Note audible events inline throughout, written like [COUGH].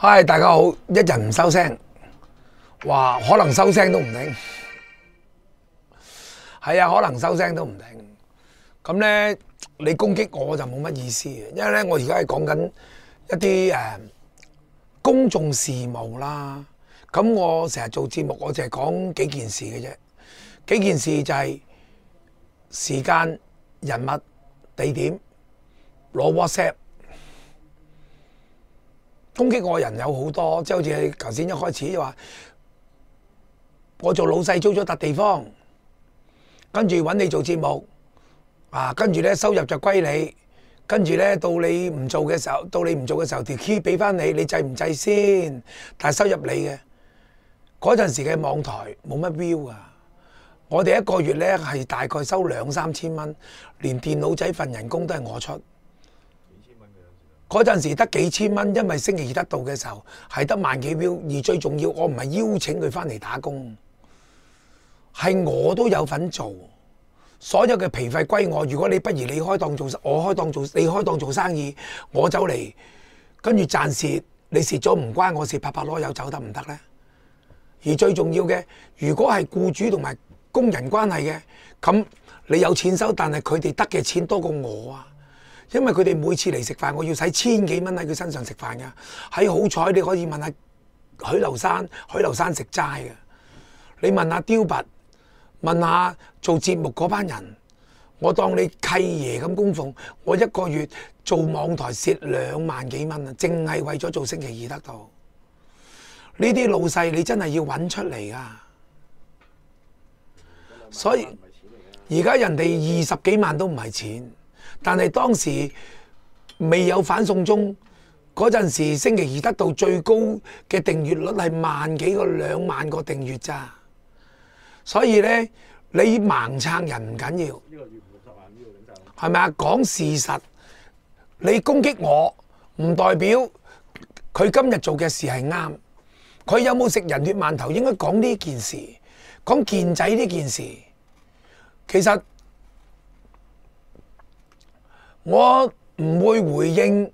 嗨，大家好！一陣唔收聲，哇，可能收聲都唔定。係啊，可能收聲都唔定。咁咧，你攻擊我就冇乜意思嘅，因為咧，我而家係講緊一啲誒公眾事務啦。咁我成日做節目，我淨係講幾件事嘅啫。幾件事就係時間、人物、地點，攞 WhatsApp。攻擊我人有好多，即係好似頭先一開始就話，我做老細租咗笪地方，跟住揾你做節目，啊，跟住呢收入就歸你，跟住呢到你唔做嘅時候，到你唔做嘅時候條 key 俾翻你，你制唔制先？但係收入你嘅。嗰陣時嘅網台冇乜 view 啊，我哋一個月呢係大概收兩三千蚊，連電腦仔份人工都係我出。嗰陣時得幾千蚊，因為星期二得到嘅時候係得萬幾標，而最重要我唔係邀請佢返嚟打工，係我都有份做，所有嘅皮費歸我。如果你不如你開檔做，我開檔做，你開檔做生意，我走嚟，跟住賺蝕你蝕咗唔關我事，拍拍籮柚走得唔得咧？而最重要嘅，如果係僱主同埋工人關係嘅，咁你有錢收，但係佢哋得嘅錢多過我啊！因為佢哋每次嚟食飯，我要使千幾蚊喺佢身上食飯㗎。喺好彩，你可以問下許留山，許留山食齋㗎。你問下刁拔，問下做節目嗰班人，我當你契爺咁供奉。我一個月做網台蝕兩萬幾蚊啊，淨係為咗做星期二得到。呢啲老細你真係要揾出嚟啊！所以而家人哋二十幾萬都唔係錢。但係當時未有反送中嗰陣時，星期二得到最高嘅訂閱率係萬幾個兩萬個訂閱咋，所以咧你盲撐人唔緊要。一個月五十萬呢個整陣，係咪啊？講事實，你攻擊我唔代表佢今日做嘅事係啱。佢有冇食人血饅頭？應該講呢件事，講健仔呢件事，其實。我唔會回應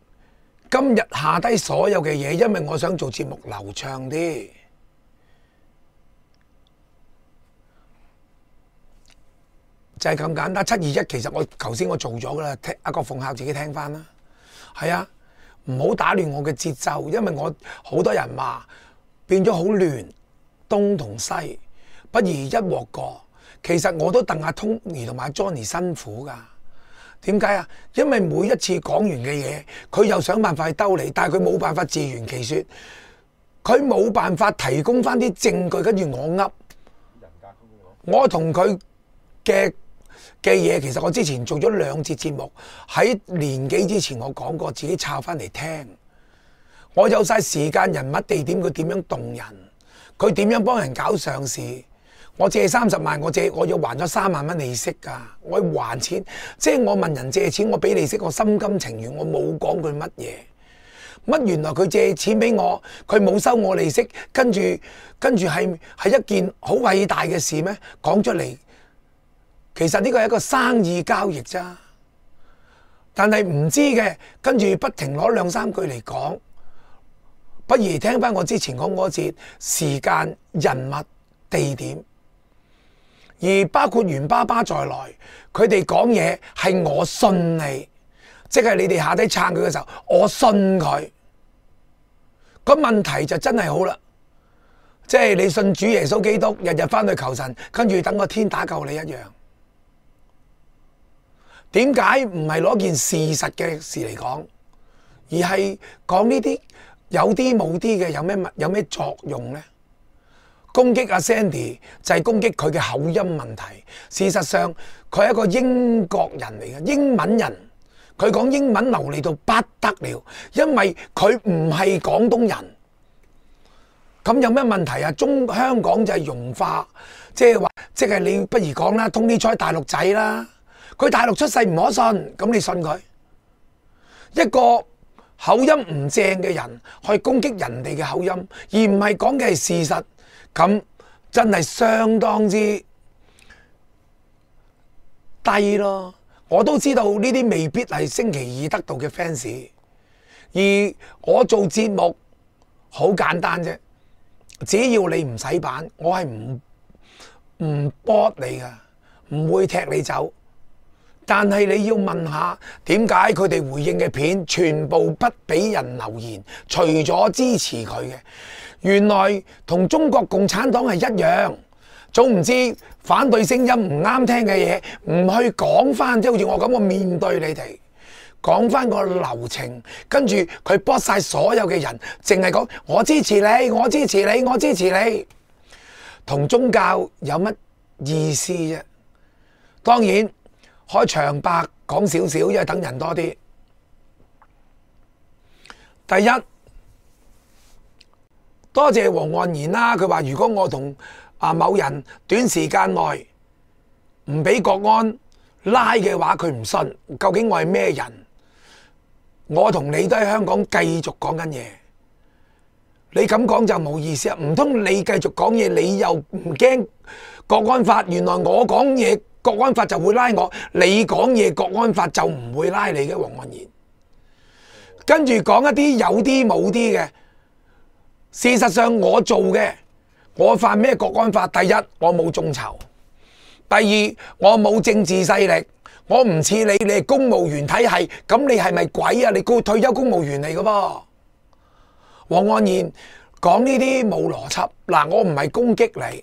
今日下低所有嘅嘢，因為我想做節目流暢啲，就係咁簡單。七二一其實我頭先我做咗噶啦，聽阿個鳳孝自己聽翻啦。係啊，唔好打亂我嘅節奏，因為我好多人罵，變咗好亂東同西，不如一鑊過。其實我都鄧阿通兒同埋阿 Johnny 辛苦噶。點解啊？因為每一次講完嘅嘢，佢又想辦法去兜你，但係佢冇辦法自圓其說，佢冇辦法提供翻啲證據，跟住我噏。我同佢嘅嘅嘢，其實我之前做咗兩節節目，喺年幾之前我講過，自己抄翻嚟聽。我有晒時間、人物、地點，佢點樣動人？佢點樣幫人搞上市？我借三十萬，我借我要還咗三萬蚊利息㗎，我要還錢。即係我問人借錢，我俾利息，我心甘情願，我冇講句乜嘢乜。原來佢借錢俾我，佢冇收我利息，跟住跟住係係一件好偉大嘅事咩？講出嚟，其實呢個係一個生意交易咋。但係唔知嘅，跟住不停攞兩三句嚟講，不如聽翻我之前講嗰節時間、人物、地點。而包括袁爸爸在內，佢哋講嘢，係我信你，即係你哋下低撐佢嘅時候，我信佢。個問題就真係好啦，即係你信主耶穌基督，日日翻去求神，跟住等個天打救你一樣。點解唔係攞件事實嘅事嚟講，而係講呢啲有啲冇啲嘅有咩有咩作用咧？攻擊阿 Sandy 就係攻擊佢嘅口音問題。事實上佢係一個英國人嚟嘅英文人，佢講英文流利到不得了，因為佢唔係廣東人。咁有咩問題啊？中香港就係融化，即係話即係你不如講啦，通天彩大陸仔啦，佢大陸出世唔可信，咁你信佢？一個口音唔正嘅人去攻擊人哋嘅口音，而唔係講嘅係事實。咁真係相當之低咯！我都知道呢啲未必係升旗易得道嘅 fans，而我做節目好簡單啫，只要你唔洗版，我係唔唔駁你噶，唔會踢你走。但係你要問下點解佢哋回應嘅片全部不俾人留言，除咗支持佢嘅。原來同中國共產黨係一樣，總唔知反對聲音唔啱聽嘅嘢，唔去講翻，即係好似我咁嘅面對你哋，講翻個流程，跟住佢博晒所有嘅人，淨係講我支持你，我支持你，我支持你，同宗教有乜意思啫？當然開長白講少少，因為等人多啲。第一。多謝黃岸然啦、啊，佢話如果我同啊某人短時間內唔俾國安拉嘅話，佢唔信。究竟我係咩人？我同你都喺香港繼續講緊嘢，你咁講就冇意思啊！唔通你繼續講嘢，你又唔驚國安法？原來我講嘢國安法就會拉我，你講嘢國安法就唔會拉你嘅黃岸然。跟住講一啲有啲冇啲嘅。事實上我做嘅，我犯咩國安法？第一，我冇眾籌；第二，我冇政治勢力。我唔似你，你係公務員體系，咁你係咪鬼啊？你退休公務員嚟噶噃？黃安然講呢啲冇邏輯。嗱，我唔係攻擊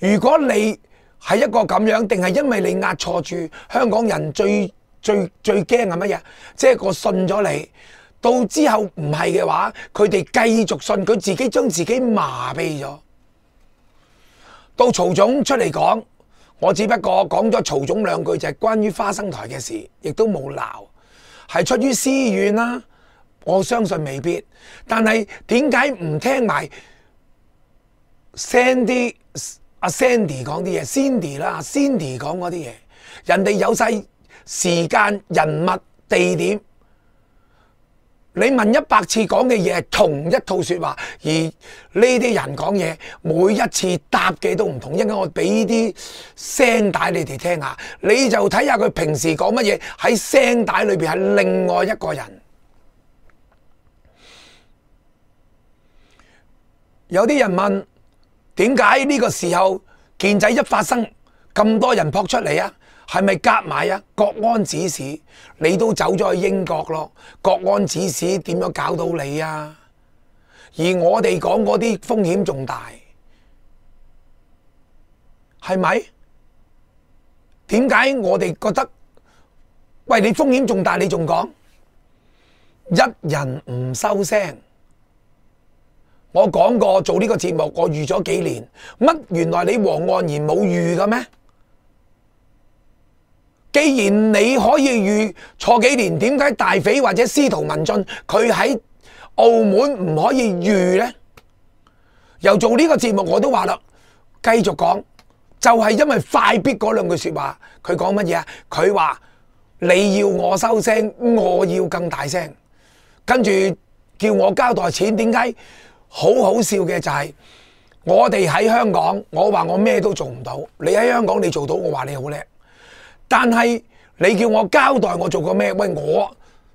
你。如果你係一個咁樣，定係因為你壓錯住？香港人最最最驚係乜嘢？即、就、係、是、我信咗你。到之後唔係嘅話，佢哋繼續信佢自己，將自己麻痹咗。到曹總出嚟講，我只不過講咗曹總兩句，就係、是、關於花生台嘅事，亦都冇鬧，係出於私怨啦、啊。我相信未必，但係點解唔聽埋 Sandy 阿、啊、Sandy 講啲嘢 Cindy 啦、啊、Cindy 講嗰啲嘢，人哋有晒時間、人物、地點。你問一百次講嘅嘢係同一套說話，而呢啲人講嘢每一次答嘅都唔同，因為我俾啲聲帶你哋聽下，你就睇下佢平時講乜嘢喺聲帶裏面係另外一個人。有啲人問：「點解呢個時候健仔一發生咁多人撲出嚟呀？」係咪夾埋啊？國安指示你都走咗去英國咯？國安指示點樣搞到你啊？而我哋講嗰啲風險重大，係咪？點解我哋覺得？喂，你風險重大，你仲講？一人唔收聲。我講過做呢個節目，我預咗幾年乜？原來你黃岸然冇預嘅咩？既然你可以預錯幾年，點解大匪或者司徒文俊佢喺澳門唔可以預呢？又做呢個節目，我都話啦，繼續講，就係因為快必嗰兩句說話，佢講乜嘢？佢話你要我收聲，我要更大聲，跟住叫我交代錢。點解好好笑嘅就係我哋喺香港，我話我咩都做唔到，你喺香港你做到，我話你好叻。但係你叫我交代我做過咩？喂，我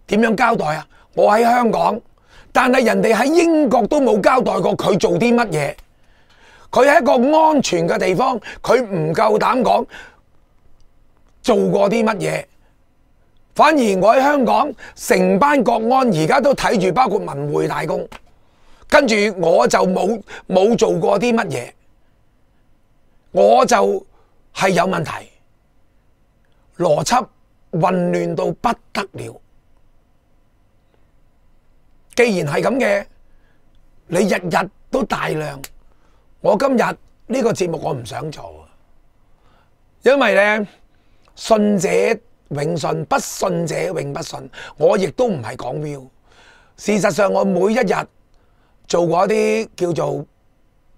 點樣交代啊？我喺香港，但係人哋喺英國都冇交代過佢做啲乜嘢。佢喺一個安全嘅地方，佢唔夠膽講做過啲乜嘢。反而我喺香港，成班國安而家都睇住，包括文匯大公，跟住我就冇冇做過啲乜嘢，我就係有問題。邏輯混亂到不得了，既然係咁嘅，你日日都大量，我今日呢個節目我唔想做啊，因為呢，信者永信，不信者永不信，我亦都唔係講 view。事實上，我每一日做過啲叫做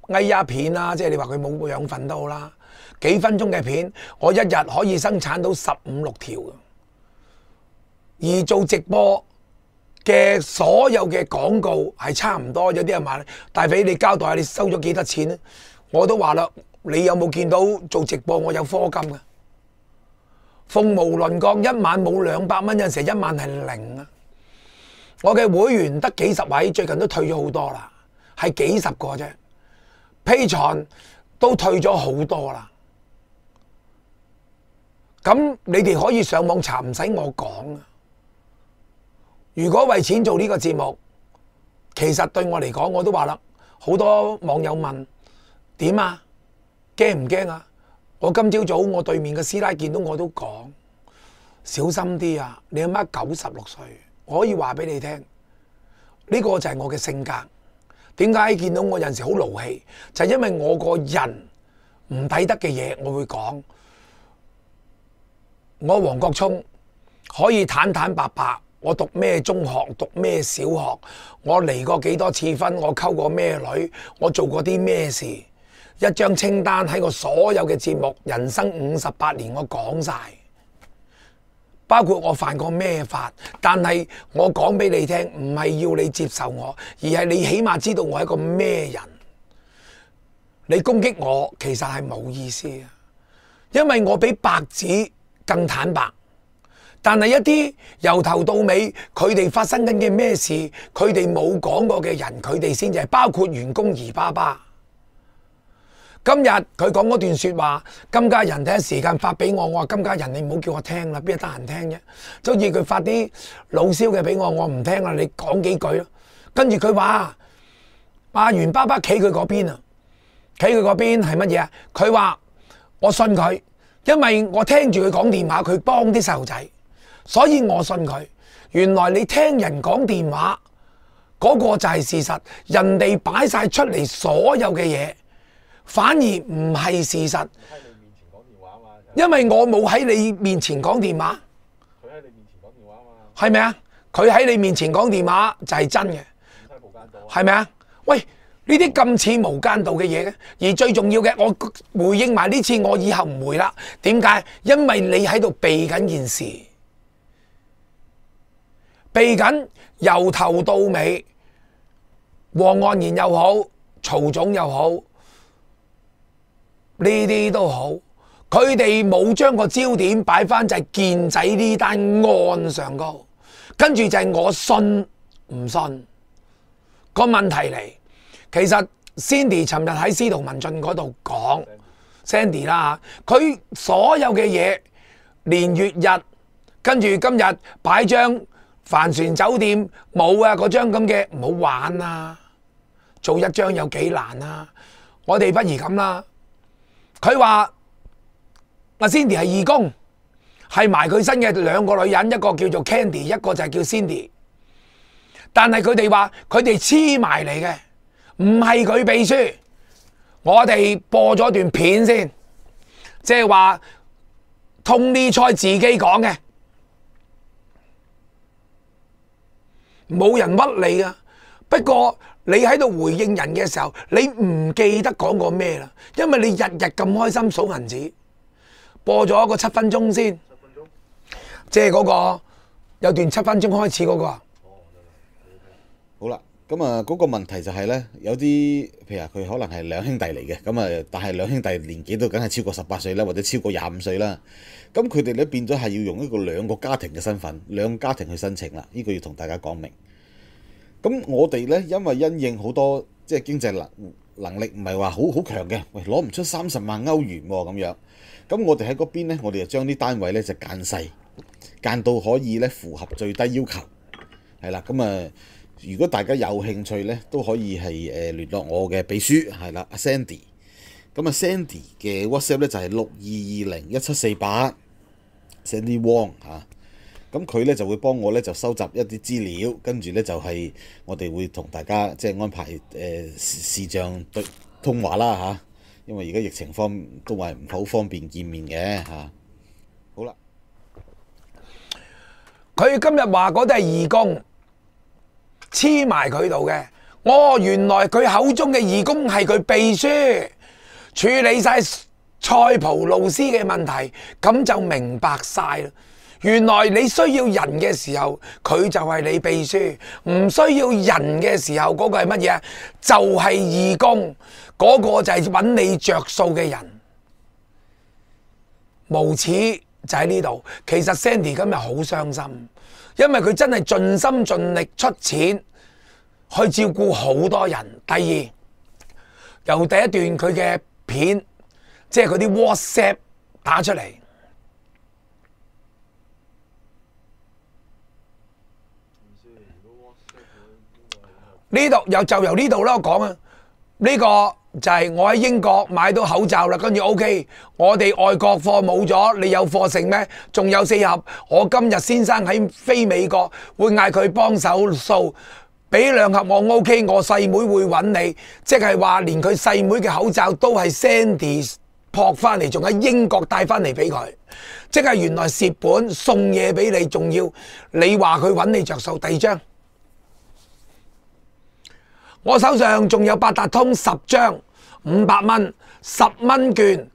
AI 片啦，即係你話佢冇養分都好啦。幾分鐘嘅片，我一日可以生產到十五六條，而做直播嘅所有嘅廣告係差唔多，有啲人話，大係俾你交代下，你收咗幾多錢咧？我都話啦，你有冇見到做直播我有課金嘅？鳳毛麟角，一晚冇兩百蚊，有陣時一晚係零啊！我嘅會員得幾十位，最近都退咗好多啦，係幾十個啫 Patreon。都退咗好多啦，咁你哋可以上網查，唔使我講。如果為錢做呢個節目，其實對我嚟講，我都話啦。好多網友問點啊，驚唔驚啊？我今朝早我對面嘅師奶見到我都講，小心啲啊！你阿媽九十六歲，我可以話俾你聽，呢個就係我嘅性格。點解見到我有陣時好勞氣？就是、因為我個人唔睇得嘅嘢，我會講。我黃國聰可以坦坦白白，我讀咩中學，讀咩小學，我離過幾多次婚，我溝過咩女，我做過啲咩事，一張清單喺我所有嘅節目，人生五十八年我，我講晒。包括我犯過咩法，但係我講俾你聽，唔係要你接受我，而係你起碼知道我係一個咩人。你攻擊我，其實係冇意思啊，因為我比白紙更坦白。但係一啲由頭到尾，佢哋發生緊嘅咩事，佢哋冇講過嘅人，佢哋先至係，包括員工二爸爸。今日佢講嗰段說話，金家人第一時間發俾我，我話金家人，你唔好叫我聽啦，邊得閒聽啫。就好似佢發啲老燒嘅俾我，我唔聽啦，你講幾句咯。跟住佢話阿袁爸爸企佢嗰邊啊，企佢嗰邊係乜嘢啊？佢話我信佢，因為我聽住佢講電話，佢幫啲細路仔，所以我信佢。原來你聽人講電話嗰個就係事實，人哋擺晒出嚟所有嘅嘢。反而唔係事實，因為我冇喺你面前講電話。佢喺你面前講電話嘛？係咪啊？佢喺你面前講電話就係真嘅，係咪啊？喂，呢啲咁似無間道嘅嘢嘅，而最重要嘅，我回應埋呢次，我以後唔回啦。點解？因為你喺度避緊件事，避緊由頭到尾，黃岸然又好，曹總又好。呢啲都好，佢哋冇將個焦點擺翻就係、是、健仔呢單案上高，跟住就係我信唔信個問題嚟。其實 Cindy 尋日喺司徒文俊嗰度講 Sandy 啦，佢所有嘅嘢年月日，跟住今日擺張帆船酒店冇啊嗰張咁嘅唔好玩啊，做一張有幾難啊，我哋不如咁啦。佢話 Cindy 係義工，係埋佢身嘅兩個女人，一個叫做 Candy，一個就係叫 Cindy。但係佢哋話佢哋黐埋嚟嘅，唔係佢秘書。我哋播咗段片先，即係話 Tony 蔡自己講嘅，冇人屈你啊。不過。你喺度回應人嘅時候，你唔記得講過咩啦？因為你日日咁開心數銀紙，播咗一個七分鐘先，七分鐘，即係嗰個有段七分鐘開始嗰個。哦，好啦，咁啊，嗰個問題就係咧，有啲譬如話佢可能係兩兄弟嚟嘅，咁啊，但係兩兄弟年紀都梗係超過十八歲啦，或者超過廿五歲啦。咁佢哋咧變咗係要用一個兩個家庭嘅身份，兩家庭去申請啦。呢個要同大家講明。咁我哋咧，因為因應好多即係經濟能能力唔係話好好強嘅，喂攞唔出三十萬歐元喎、啊、咁樣。咁我哋喺嗰邊咧，我哋就將啲單位咧就間細間到可以咧符合最低要求係啦。咁啊，如果大家有興趣咧，都可以係誒、呃、聯絡我嘅秘書係啦，阿 Sandy。咁啊，Sandy 嘅 WhatsApp 咧就係六二二零一七四八 Sandy Wong 嚇。咁佢呢就會幫我呢，就收集一啲資料，跟住呢，就係、是、我哋會同大家即係安排誒、呃、視，視像對通話啦嚇、啊，因為而家疫情方都係唔好方便見面嘅嚇、啊。好啦，佢今日話嗰啲係義工黐埋佢度嘅，哦，原來佢口中嘅義工係佢秘書處理晒塞浦路斯嘅問題，咁就明白晒啦。原來你需要人嘅時候，佢就係你秘書；唔需要人嘅時候，嗰個係乜嘢？就係義工，嗰個就係揾你着數嘅人。無恥就喺呢度。其實 Sandy 今日好傷心，因為佢真係盡心盡力出錢去照顧好多人。第二，由第一段佢嘅片，即係佢啲 WhatsApp 打出嚟。呢度又就由呢度啦，我講啊，呢個就係我喺英國買到口罩啦，跟住 OK，我哋外國貨冇咗，你有貨剩咩？仲有四盒，我今日先生喺飛美國，會嗌佢幫手掃，俾兩盒我 OK，我細妹會揾你，即係話連佢細妹嘅口罩都係 Sandy 撲翻嚟，仲喺英國帶翻嚟俾佢，即係原來蝕本送嘢俾你，仲要你話佢揾你着數，第二張。我手上仲有八達通十張五百蚊十蚊券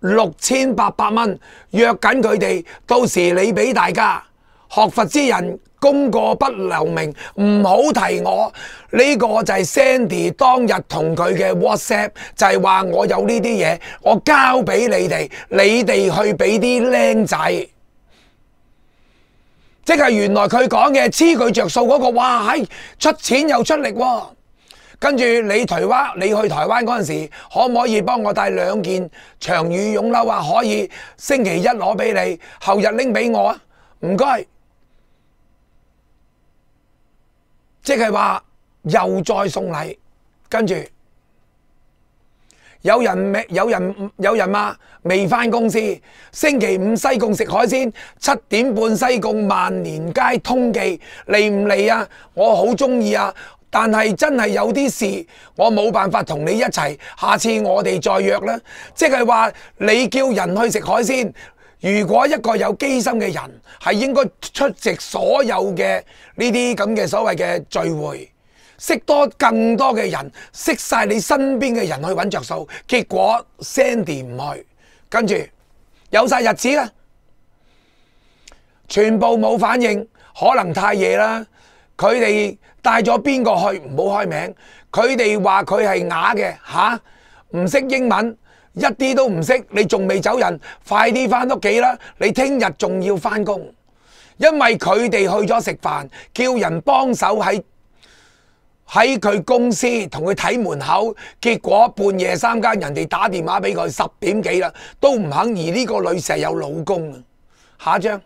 六千八百蚊約緊佢哋，到時你俾大家學佛之人功過不留名，唔好提我呢個就係 Sandy 當日同佢嘅 WhatsApp 就係話我有呢啲嘢，我交俾你哋，你哋去畀啲僆仔，即係原來佢講嘅黐佢着數嗰個，哇、哎，出錢又出力、哦。跟住你台灣，你去台灣嗰陣時，可唔可以幫我帶兩件長羽絨褸啊？可以，星期一攞俾你，後日拎俾我啊！唔該，即係話又再送禮，跟住有人未？有人有人，有人嗎？未返公司，星期五西貢食海鮮，七點半西貢萬年街通記，嚟唔嚟啊？我好鍾意啊！但係真係有啲事，我冇辦法同你一齊。下次我哋再約啦。即係話你叫人去食海鮮，如果一個有機心嘅人係應該出席所有嘅呢啲咁嘅所謂嘅聚會，識多更多嘅人，識晒你身邊嘅人去揾着數。結果 Sandy 唔去，跟住有晒日子啦，全部冇反應，可能太夜啦，佢哋。帶咗邊個去唔好開名，佢哋話佢係啞嘅吓，唔識英文，一啲都唔識。你仲未走人，快啲翻屋企啦！你聽日仲要翻工，因為佢哋去咗食飯，叫人幫手喺喺佢公司同佢睇門口。結果半夜三更，人哋打電話俾佢十點幾啦，都唔肯。而呢個女士係有老公啊，下一張，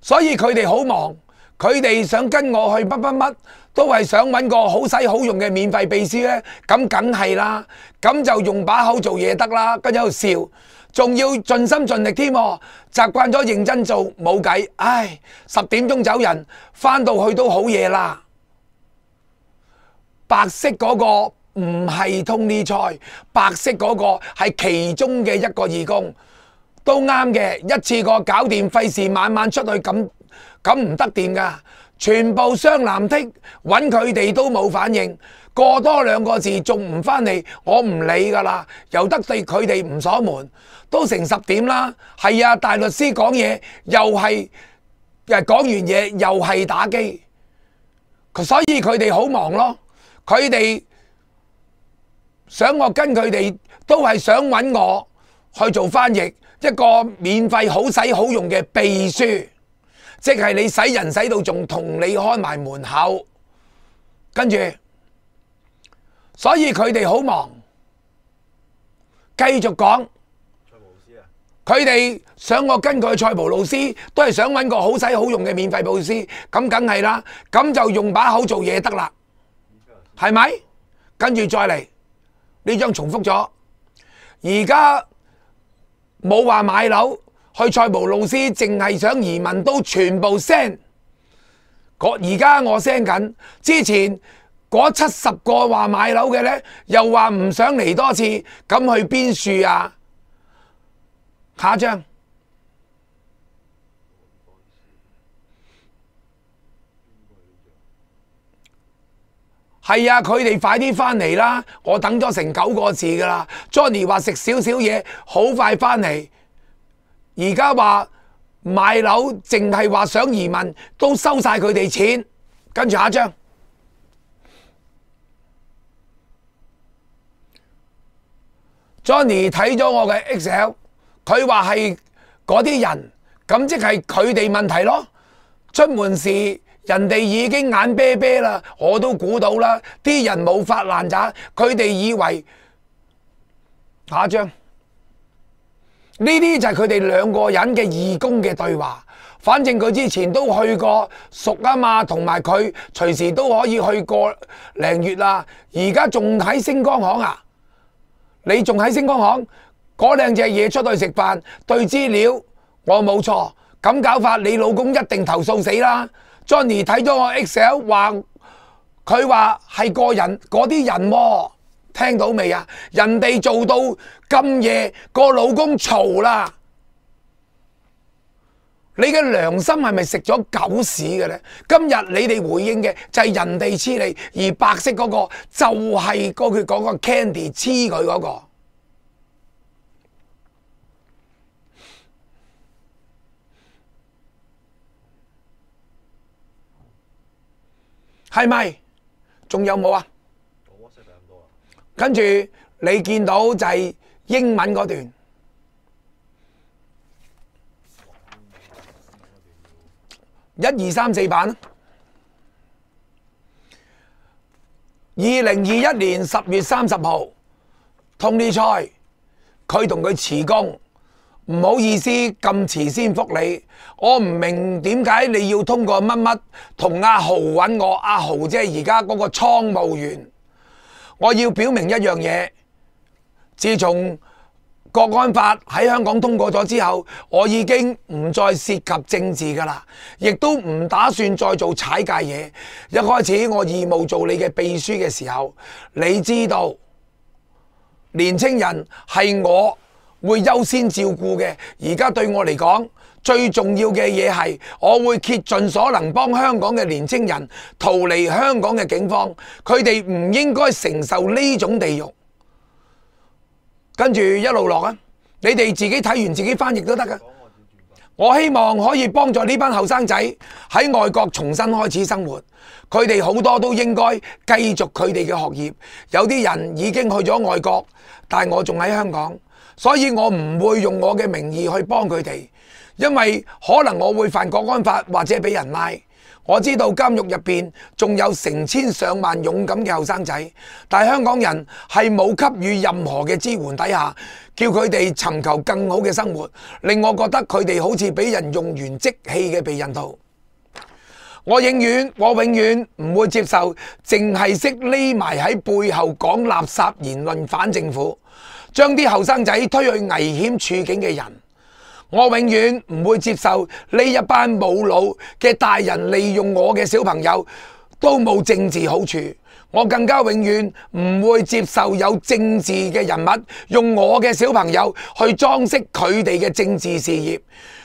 所以佢哋好忙。佢哋想跟我去乜乜乜，都係想揾個好使好用嘅免費秘書咧。咁梗係啦，咁就用把口做嘢得啦。跟住喺度笑，仲要盡心盡力添。習慣咗認真做冇計，唉，十點鐘走人，翻到去都好夜啦。白色嗰個唔係通利菜，白色嗰個係其中嘅一個義工，都啱嘅。一次過搞掂，費事晚晚出去咁。咁唔得掂噶，全部雙男的揾佢哋都冇反應，過多兩個字仲唔返嚟，我唔理噶啦，由得對佢哋唔鎖門，都成十點啦。係啊，大律師講嘢，又係誒講完嘢又係打機，所以佢哋好忙咯，佢哋想我跟佢哋，都係想揾我去做翻譯，一個免費好使好用嘅秘書。即係你使人使到仲同你開埋門口，跟住，所以佢哋好忙。繼續講，蔡老師啊，佢哋想我跟佢蔡蒲老師，都係想揾個好使好用嘅免費老師，咁梗係啦，咁就用把口做嘢得啦，係咪？跟住再嚟呢張重複咗，而家冇話買樓。去塞浦路斯，淨係想移民都全部 send。而家我 send 緊，之前嗰七十個話買樓嘅咧，又話唔想嚟多次，咁去邊處啊？下一張係啊，佢哋快啲翻嚟啦！我等咗成九個字噶啦。Johnny 話食少少嘢，好快翻嚟。而家話買樓，淨係話想移民，都收晒佢哋錢。跟住下一張，Johnny 睇咗我嘅 XL，佢話係嗰啲人，咁即係佢哋問題咯。出門時人哋已經眼啤啤啦，我都估到啦。啲人冇發爛渣，佢哋以為下一張。呢啲就係佢哋兩個人嘅義工嘅對話，反正佢之前都去過熟啊嘛，同埋佢隨時都可以去過零月啦，啊。而家仲喺星光行啊，你仲喺星光行嗰兩隻嘢出去食飯對資料，我冇錯咁搞法，你老公一定投訴死啦。Johnny 睇咗我 Excel 話，佢話係個人嗰啲人，啊。聽到未啊？人哋做到咁夜，個老公嘈啦。你嘅良心係咪食咗狗屎嘅咧？今日你哋回應嘅就係人哋黐你，而白色嗰個就係個佢講個 Candy 黐佢嗰個，係咪？仲有冇啊？跟住你見到就係英文嗰段，一二三四版。二零二一年十月三十號，Tony Choi，佢同佢辭工，唔好意思，咁遲先覆你。我唔明點解你要通過乜乜同阿豪揾我？阿豪即係而家嗰個倉務員。我要表明一樣嘢，自從《國安法》喺香港通過咗之後，我已經唔再涉及政治㗎啦，亦都唔打算再做踩界嘢。一開始我義務做你嘅秘書嘅時候，你知道，年輕人係我會優先照顧嘅。而家對我嚟講，最重要嘅嘢係我會竭盡所能幫香港嘅年青人逃離香港嘅警方，佢哋唔應該承受呢種地獄。跟住一路落啊！你哋自己睇完自己翻譯都得㗎，啊。我希望可以幫助呢班後生仔喺外國重新開始生活。佢哋好多都應該繼續佢哋嘅學業。有啲人已經去咗外國，但我仲喺香港。所以我唔會用我嘅名義去幫佢哋，因為可能我會犯國安法或者俾人拉。我知道監獄入邊仲有成千上萬勇敢嘅後生仔，但香港人係冇給予任何嘅支援底下，叫佢哋尋求更好嘅生活，令我覺得佢哋好似俾人用完即棄嘅避孕套。我永遠，我永遠唔會接受，淨係識匿埋喺背後講垃圾言論反政府。將啲後生仔推去危險處境嘅人，我永遠唔會接受呢一班冇腦嘅大人利用我嘅小朋友，都冇政治好處。我更加永遠唔會接受有政治嘅人物用我嘅小朋友去裝飾佢哋嘅政治事業。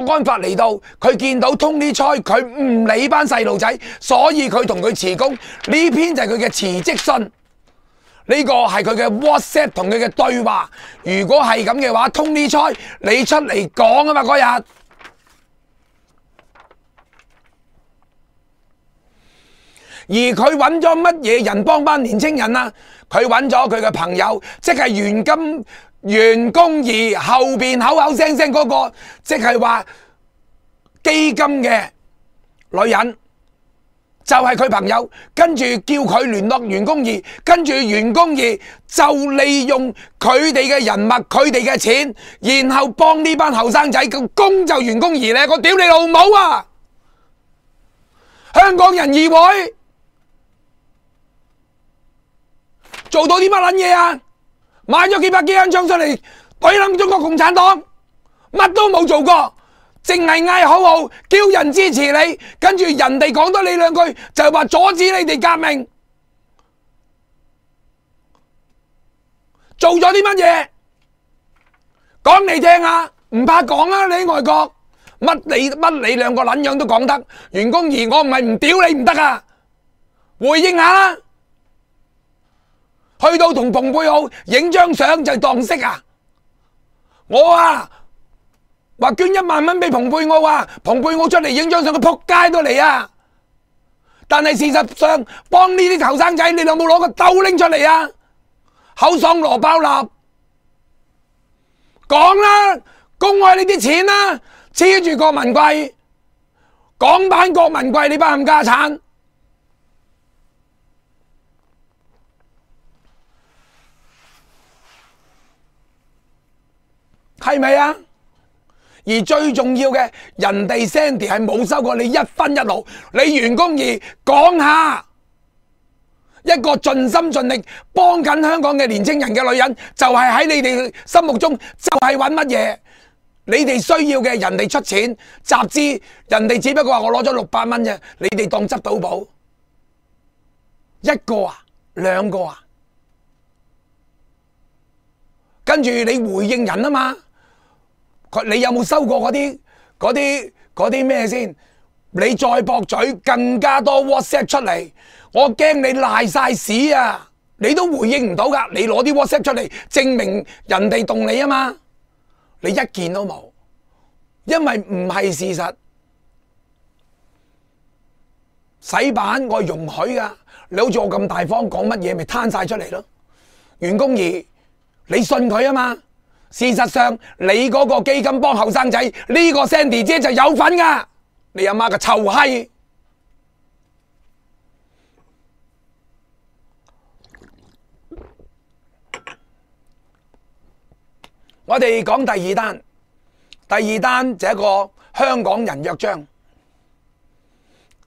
國安法嚟到，佢見到 Tony Choi 佢唔理班細路仔，所以佢同佢辭工。呢篇就係佢嘅辭職信，呢、這個係佢嘅 WhatsApp 同佢嘅對話。如果係咁嘅話，Tony Choi 你出嚟講啊嘛嗰日。而佢揾咗乜嘢人幫班年青人啊？佢揾咗佢嘅朋友，即係袁金。員工弓夷後面口口聲聲嗰個，即係話基金嘅女人，就係、是、佢朋友，跟住叫佢聯絡員工弓夷，跟住員工弓夷就利用佢哋嘅人脈、佢哋嘅錢，然後幫呢班後生仔公就員工弓夷咧，我屌你老母啊！香港人議會做到啲乜撚嘢啊？買咗幾百幾千槍出嚟懟捻中國共產黨，乜都冇做過，淨係嗌口號，叫人支持你，跟住人哋講多你兩句就話阻止你哋革命，做咗啲乜嘢？講你聽啊，唔怕講啊，你外國乜你乜你兩個撚樣都講得，袁弓夷，我唔係唔屌你唔得啊，回應下啦。去到同蓬佩奧影張相就蕩色啊！我啊話捐一萬蚊俾蓬佩奧啊，蓬佩奧出嚟影張相佢扑街都嚟啊！但係事實上幫呢啲後生仔，你有冇攞個兜拎出嚟啊？口爽羅包立，講啦、啊，公開呢啲錢啦、啊，黐住郭文貴，港版郭文貴你班冚家產。係咪啊？而最重要嘅，人哋 Sandy 係冇收過你一分一毫，你員工二講下一個盡心盡力幫緊香港嘅年輕人嘅女人，就係、是、喺你哋心目中就係揾乜嘢？你哋需要嘅人哋出錢集資，人哋只不過話我攞咗六百蚊啫，你哋當執到寶一個啊，兩個啊，跟住你回應人啊嘛。佢你有冇收過嗰啲嗰啲嗰啲咩先？你再駁嘴，更加多 WhatsApp 出嚟，我驚你賴晒屎啊！你都回應唔到噶，你攞啲 WhatsApp 出嚟證明人哋動你啊嘛！你一件都冇，因為唔係事實，洗版我容許噶。你好似我咁大方講乜嘢咪攤晒出嚟咯，員工二，你信佢啊嘛？事實上，你嗰個基金幫後生仔呢個 Sandy 姐就有份㗎，你阿媽個臭閪！ [NOISE] 我哋講第二單，第二單就係一個香港人約章，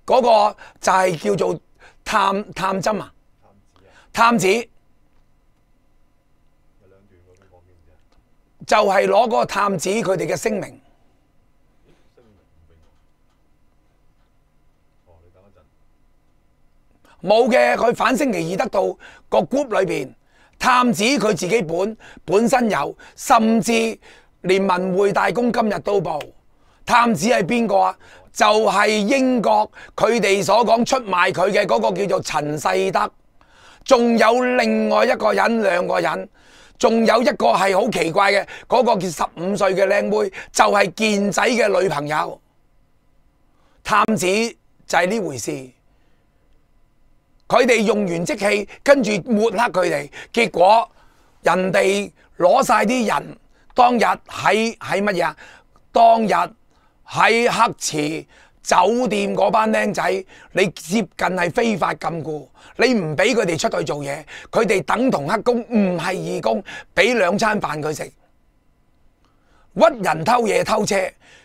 嗰、嗰個就係叫做探探針啊，探子。就係攞嗰個探子佢哋嘅聲明，冇嘅，佢反星期二得到個 group 裏邊探子佢自己本本身有，甚至連文匯大公今日都報探子係邊個啊？就係英國佢哋所講出賣佢嘅嗰個叫做陳世德，仲有另外一個人，兩個人。仲有一個係好奇怪嘅，嗰、那個叫十五歲嘅靚妹就係、是、健仔嘅女朋友，探子就係呢回事。佢哋用完即棄，跟住抹黑佢哋，結果人哋攞晒啲人當日喺喺乜嘢？當日喺黑池。酒店嗰班僆仔，你接近係非法禁錮，你唔俾佢哋出去做嘢，佢哋等同黑工，唔係義工，俾兩餐飯佢食，屈人偷嘢偷車，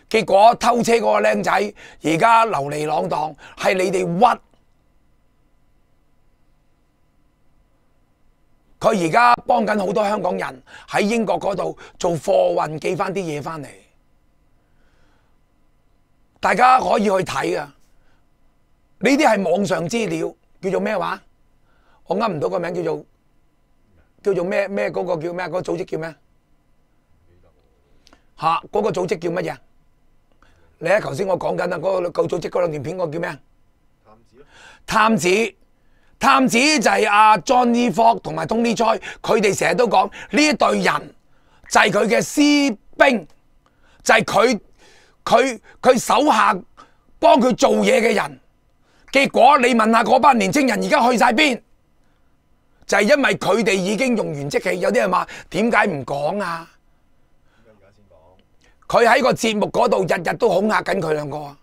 結果偷車嗰個僆仔而家流離浪蕩，係你哋屈，佢而家幫緊好多香港人喺英國嗰度做貨運，寄翻啲嘢翻嚟。大家可以去睇啊！呢啲係網上資料，叫做咩話？我啱唔到個名，叫做叫做咩咩嗰個叫咩？嗰個組織叫咩？吓、啊，嗰個組織叫乜嘢？你啊，頭先我講緊啊，嗰個舊組織嗰兩段片，嗰個叫咩？探子咯。探子，探子就係阿 Johnny Fox 同埋 Tony Choi，佢哋成日都講呢隊人就係佢嘅私兵，就係佢。佢佢手下幫佢做嘢嘅人，結果你問下嗰班年青人而家去晒邊？就係因為佢哋已經用完即棄，有啲人話點解唔講啊？咁而家先講，佢喺個節目嗰度日日都恐吓緊佢兩個啊，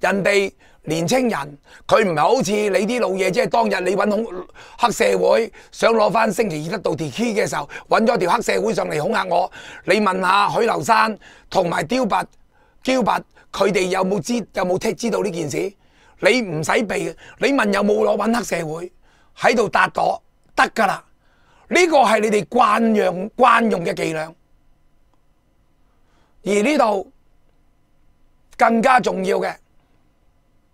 人哋。年青人佢唔係好似你啲老嘢，即係當日你搵恐黑社會想攞翻星期二得到 TQ 嘅時候，搵咗條黑社會上嚟恐吓我。你問下許留山同埋雕拔，雕拔佢哋有冇知有冇聽知道呢件事？你唔使避，你問有冇攞搵黑社會喺度搭躲得噶啦？呢個係你哋慣用慣用嘅伎倆。而呢度更加重要嘅。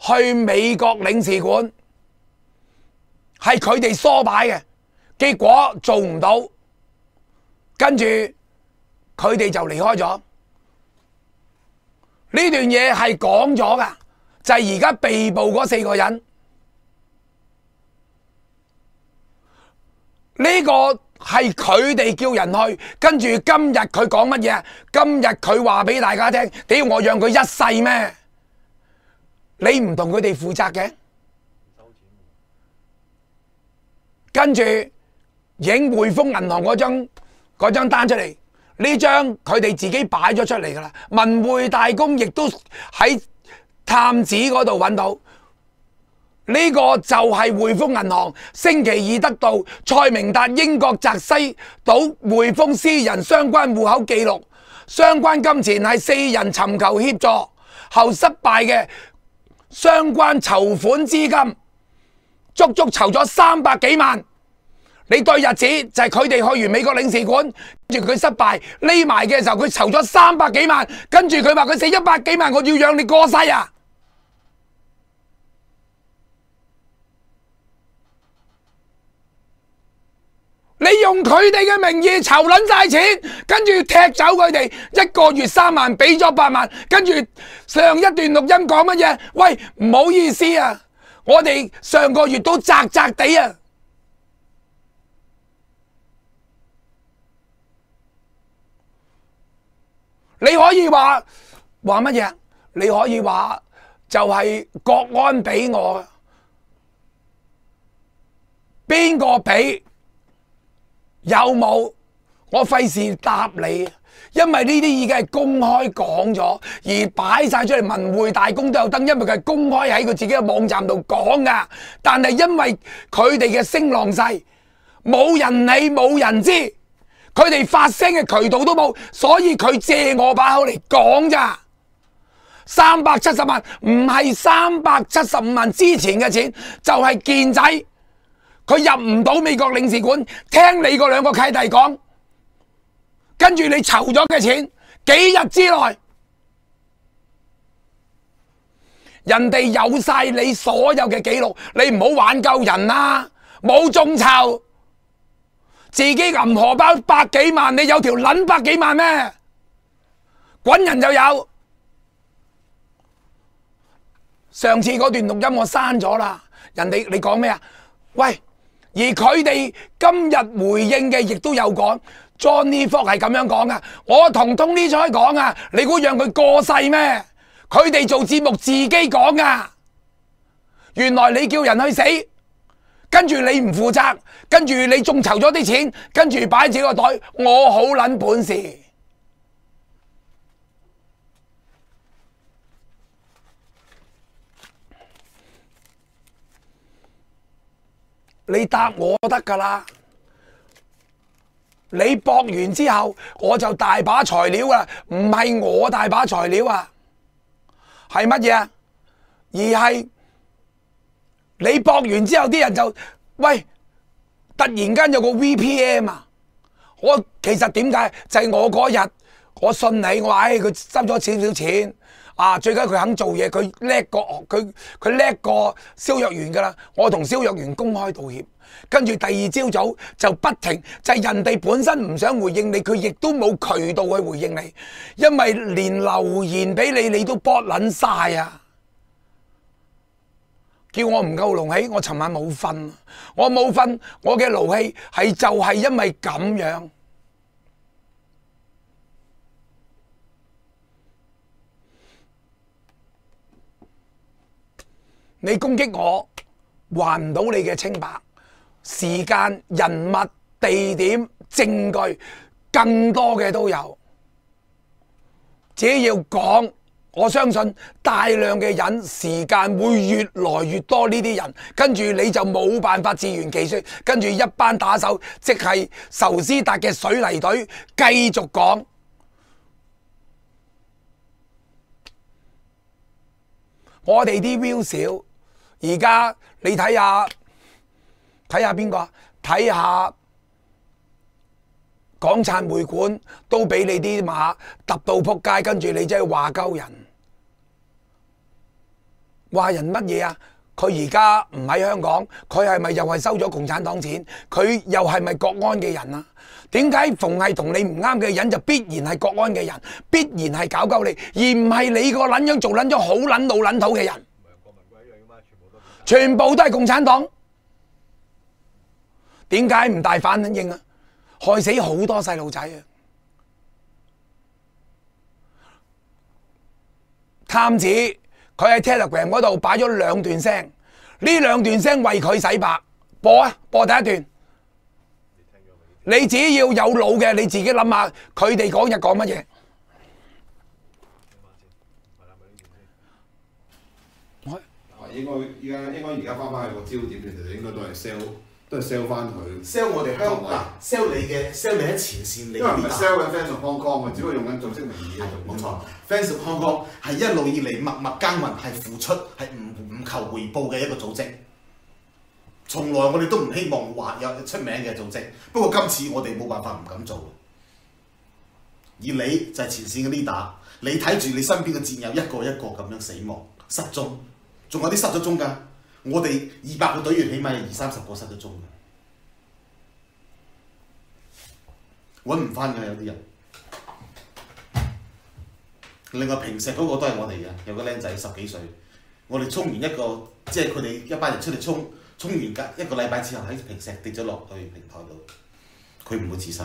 去美國領事館，係佢哋梳擺嘅，結果做唔到，跟住佢哋就離開咗。呢段嘢係講咗噶，就係而家被捕嗰四個人，呢個係佢哋叫人去，跟住今日佢講乜嘢？今日佢話俾大家聽，屌我讓佢一世咩？你唔同佢哋負責嘅，跟住影匯豐銀行嗰張嗰張單出嚟，呢張佢哋自己擺咗出嚟噶啦。文匯大公亦都喺探子嗰度揾到呢個就係匯豐銀行星期二得到蔡明達英國澤西島匯豐私人相關戶口記錄，相關金錢係四人尋求協助後失敗嘅。相關籌款資金足足籌咗三百幾萬，你對日子就係佢哋去完美國領事館，跟住佢失敗匿埋嘅時候，佢籌咗三百幾萬，跟住佢話佢死一百幾萬，我要養你過世啊！你用佢哋嘅名義籌捻晒錢，跟住踢走佢哋，一個月三萬，俾咗八萬，跟住上一段錄音講乜嘢？喂，唔好意思啊，我哋上個月都窄窄地啊。你可以話話乜嘢？你可以話就係國安俾我，邊個俾？有冇？我費事答你，因為呢啲已經係公開講咗，而擺晒出嚟。文匯大公都有登，因為佢係公開喺佢自己嘅網站度講噶。但係因為佢哋嘅聲浪細，冇人理，冇人知，佢哋發聲嘅渠道都冇，所以佢借我把口嚟講咋。三百七十萬唔係三百七十五萬之前嘅錢，就係健仔。佢入唔到美國領事館，聽你嗰兩個契弟講，跟住你籌咗嘅錢，幾日之內，人哋有曬你所有嘅記錄，你唔好玩救人啦，冇眾籌，自己銀荷包百幾萬，你有條撚百幾萬咩？滾人就有，上次嗰段錄音我刪咗啦，人哋你講咩啊？喂！而佢哋今日回應嘅亦都有講，Johnny Fox 係咁樣講啊！我同 Tony Choi 講啊，你估讓佢過世咩？佢哋做節目自己講啊！原來你叫人去死，跟住你唔負責，跟住你眾籌咗啲錢，跟住擺自己個袋，我好卵本事。你答我得㗎啦！你博完之後，我就大把材料啦，唔係我大把材料啊，係乜嘢？而係你博完之後，啲人就喂，突然間有個 VPN 啊！我其實點解就係、是、我嗰日，我信你，我話、哎、唉，佢收咗少少錢。啊！最緊係佢肯做嘢，佢叻過，佢佢叻過肖若元噶啦。我同肖若元公開道歉，跟住第二朝早就不停，就係、是、人哋本身唔想回應你，佢亦都冇渠道去回應你，因為連留言俾你，你都駁捻晒啊！叫我唔夠勞氣，我尋晚冇瞓，我冇瞓，我嘅勞氣係就係因為咁樣。你攻擊我，還唔到你嘅清白。時間、人物、地點、證據，更多嘅都有。只要講，我相信大量嘅人，時間會越來越多呢啲人，跟住你就冇辦法自圓其說。跟住一班打手，即係仇斯達嘅水泥隊，繼續講。我哋啲 view 少。」而家你睇下，睇下邊個？睇下港燦會館都俾你啲馬踏到撲街，跟住你真係話鳩人，話人乜嘢啊？佢而家唔喺香港，佢係咪又係收咗共產黨錢？佢又係咪國安嘅人啊？點解逢係同你唔啱嘅人就必然係國安嘅人，必然係搞鳩你，而唔係你個撚樣做撚咗好撚老撚土嘅人？全部都係共產黨，點解唔大反應，害死好多細路仔啊！探子佢喺 Telegram 嗰度擺咗兩段聲，呢兩段聲為佢洗白播啊！播第一段，你只要有腦嘅，你自己諗下佢哋講嘢講乜嘢。應該而家應該而家翻返去個焦點，其實應該都係 sell，都係 sell 翻佢 sell 我哋香港 sell 你嘅 sell 你喺前線你 leader，sell 緊 Fans of Hong Kong，我只不過用緊組織名義。冇、嗯、錯，Fans of Hong Kong 係一路以嚟默默耕耘，係付出，係唔唔求回報嘅一個組織。從來我哋都唔希望話有出名嘅組織，不過今次我哋冇辦法唔敢做。而你就係前線嘅 leader，你睇住你身邊嘅戰友一個一個咁樣死亡、失蹤。仲有啲失咗蹤㗎，我哋二百個隊員，起碼有二三十個失咗蹤嘅，揾唔翻嘅有啲人。另外平石嗰個都係我哋嘅，有個僆仔十幾歲，我哋衝完一個，即係佢哋一班人出嚟衝，衝完隔一個禮拜之後喺平石跌咗落去平台度，佢唔會自殺。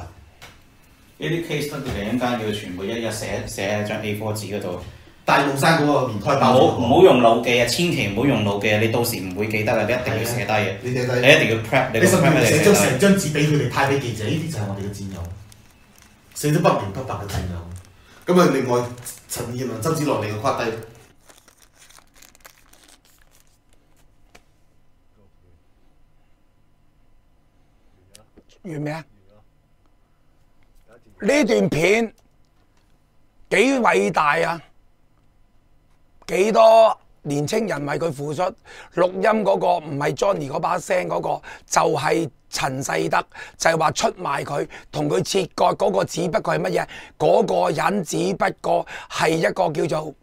呢啲 case 都嚟，陣間要全部一日寫寫喺張 A4 紙嗰度。大係山生嗰個年代爆頭，唔好用老記，千祈唔好用老記，你到時唔會記得啦，你一定要寫低，的你一定要 prep，你寫張成張紙俾佢哋派俾記者，呢啲就係我哋嘅戰友，寫咗不明不白嘅戰友。咁啊，另外陳建良、曾子洛你個瓜帝，完未啊？呢段片幾偉大呀。幾多年青人為佢付出，錄音嗰個唔係 Johnny 嗰把聲嗰個，就係陳世德，就係話出賣佢，同佢切割嗰個只不過係乜嘢？嗰個人只不過係一個叫做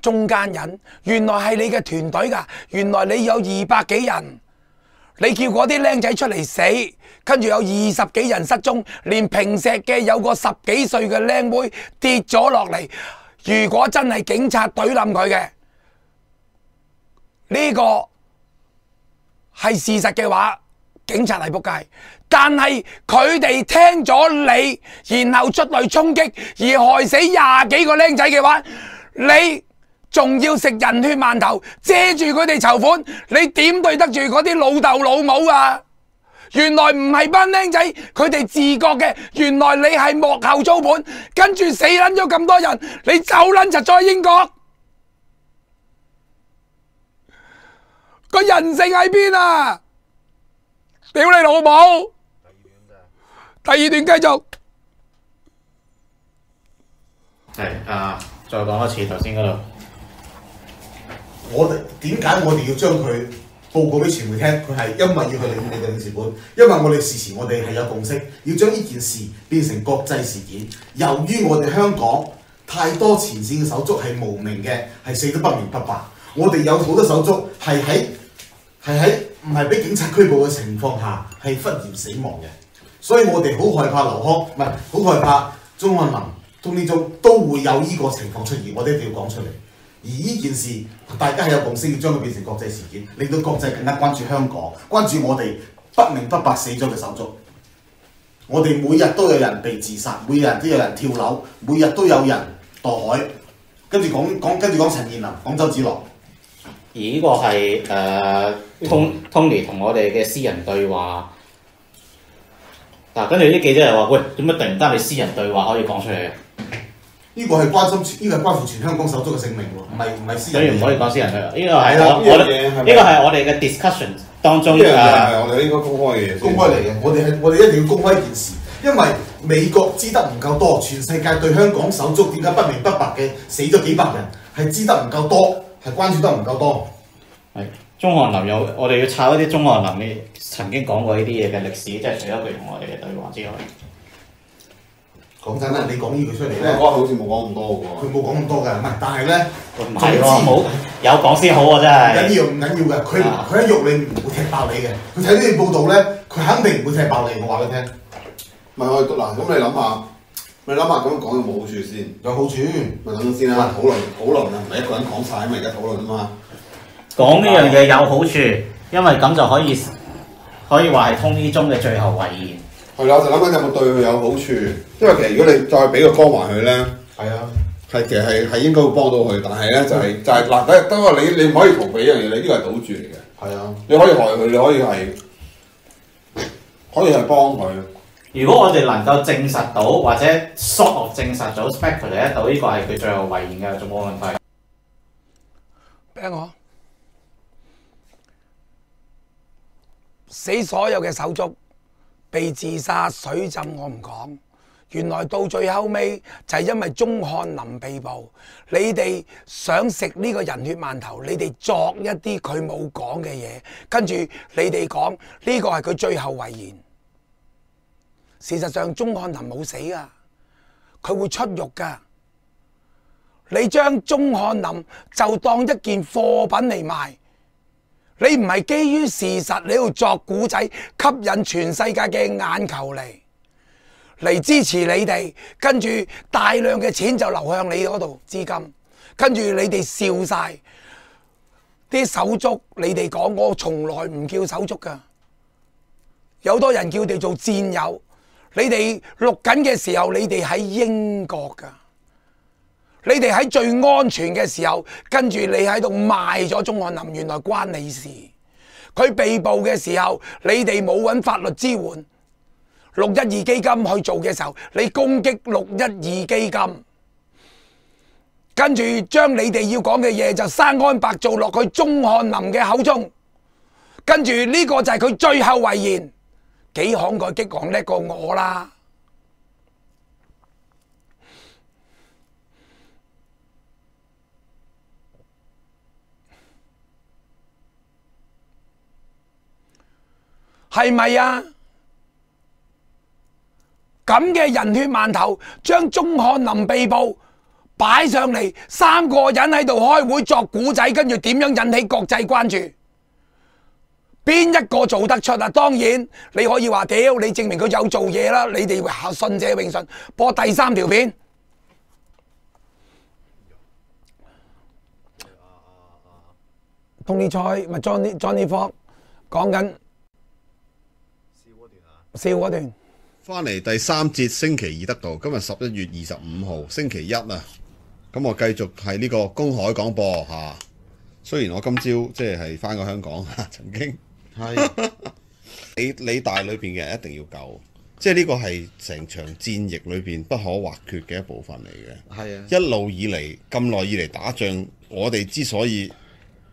中間人。原來係你嘅團隊噶，原來你有二百幾人，你叫嗰啲靚仔出嚟死，跟住有二十幾人失蹤，連平石嘅有個十幾歲嘅靚妹跌咗落嚟。如果真係警察懟冧佢嘅呢個係事實嘅話，警察係仆街。但係佢哋聽咗你，然後出嚟沖擊而害死廿幾個僆仔嘅話，你仲要食人血饅頭遮住佢哋籌款，你點對得住嗰啲老豆老母啊？原來唔係班僆仔，佢哋自覺嘅。原來你係幕後操盤，跟住死撚咗咁多人，你走撚就再英國，個人性喺邊啊？屌你老母！第二段第二段繼續係、哎、啊，再講一次頭先嗰度，我哋點解我哋要將佢？報告俾傳媒聽，佢係因為要去利你嘅領事館，因為我哋事前我哋係有共識，要將呢件事變成國際事件。由於我哋香港太多前線嘅手足係無名嘅，係死得不明不白。我哋有好多手足係喺係喺唔係俾警察拘捕嘅情況下係忽然死亡嘅，所以我哋好害怕流血，唔係好害怕中安民、通緝中都會有呢個情況出現，我哋一定要講出嚟。而依件事，大家係有共識，要將佢變成國際事件，令到國際更加關注香港，關注我哋不明不白死咗嘅手足。我哋每日都有人被自殺，每日都有人跳樓，每日都有人墮海。跟住講講，跟陳彥霖、講周梓樂。而依個係誒、uh, Tony 同我哋嘅私人對話。嗱，跟住啲記者就話，喂，做乜突然間你私人對話可以講出嚟？呢個係關心，呢個係關乎全香港手足嘅性命喎。唔係唔係私人，當然唔可以講私人嘅。呢個係我呢個係我哋嘅 discussion 當中。呢樣嘢係我哋應該公開嘅嘢。公開嚟嘅，我哋係我哋一定要公開件事，因為美國知得唔夠多，全世界對香港手足點解不明不白嘅，死咗幾百人，係知得唔夠多，係關注得唔夠多。係鍾翰林有，的我哋要查一啲鍾翰林你曾經講過呢啲嘢嘅歷史，即係除咗佢同我哋嘅對話之外。講真啦，你講呢句出嚟咧，我覺得好似冇講咁多嘅喎。佢冇講咁多嘅，唔係，但係咧，總之冇有講先好喎、啊，真係。緊要唔緊要嘅，佢佢喺獄裏唔會踢爆你嘅。佢睇呢啲報道咧，佢肯定唔會踢爆你，我話你聽。唔係我哋讀嗱，咁你諗下，你諗下咁講有冇好處先？有好處，等緊先啊。討論討論啊，唔係一個人講晒啊嘛，而家討論啊嘛。講呢樣嘢有好處，因為咁就可以可以話係通醫中嘅最後遺言。係啦，我就諗緊有冇對佢有好處，因為其實如果你再畀個光環佢咧，係啊，係其實係係應該會幫到佢，但係咧就係就係嗱，等因為你你唔可以逃避一樣嘢，你呢個係賭注嚟嘅，係啊，你可以害佢，你可以係可以係幫佢。如果我哋能夠證實到或者 sort of, 證實咗 speculate 得到呢個係佢最後遺言嘅，就冇問題。畀我，死所有嘅手足。被自殺水浸我唔講，原來到最後尾就係因為鍾漢林被捕，你哋想食呢個人血饅頭，你哋作一啲佢冇講嘅嘢，跟住你哋講呢個係佢最後遺言。事實上，鍾漢林冇死啊，佢會出獄噶。你將鍾漢林就當一件貨品嚟賣。你唔係基於事實，你要作古仔吸引全世界嘅眼球嚟嚟支持你哋，跟住大量嘅錢就流向你嗰度資金，跟住你哋笑晒啲手足，你哋講，我從來唔叫手足㗎，有多人叫你做戰友，你哋錄緊嘅時候，你哋喺英國㗎。你哋喺最安全嘅時候，跟住你喺度賣咗鍾漢林，原來關你事。佢被捕嘅時候，你哋冇揾法律支援。六一二基金去做嘅時候，你攻擊六一二基金，跟住將你哋要講嘅嘢就生安白做落去鍾漢林嘅口中，跟住呢個就係佢最後遺言，幾慷慨激昂叻過我啦。係咪啊？咁嘅人血饅頭將鐘漢林被捕擺上嚟，三個人喺度開會作古仔，跟住點樣引起國際關注？邊一個做得出啊？當然，你可以話屌，你證明佢有做嘢啦。你哋信者永信，播第三條片。托尼賽，唔係 Johnny Johnny Fox 講緊。笑嗰段，翻嚟、哦、第三節星期二得到今日十一月二十五號星期一啊，咁、嗯、我繼續喺呢個公海廣播吓、啊。雖然我今朝即係翻過香港，啊、曾經係理、理大裏邊嘅人一定要救，即係呢個係成場戰役裏邊不可或缺嘅一部分嚟嘅。係是啊，一路以嚟咁耐以嚟打仗，我哋之所以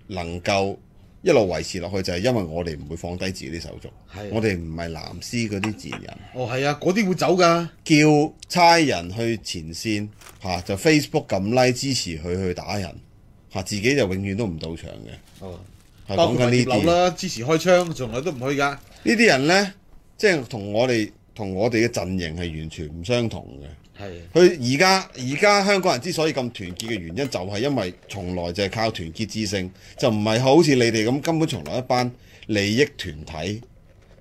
能夠。一路維持落去就係、是、因為我哋唔會放低自己啲手足，啊、我哋唔係藍絲嗰啲賤人。哦，係啊，嗰啲會走噶，叫差人去前線吓、啊，就 Facebook 撳、like、支持佢去打人吓、啊，自己就永遠都唔到場嘅。哦，講緊呢啲。葉劉，支持開槍，從來都唔去㗎。呢啲人呢，即係同我哋同我哋嘅陣營係完全唔相同嘅。係佢而家，而家香港人之所以咁團結嘅原因，就因就，就係因為從來就係靠團結制勝，就唔係好似你哋咁，根本從來一班利益團體。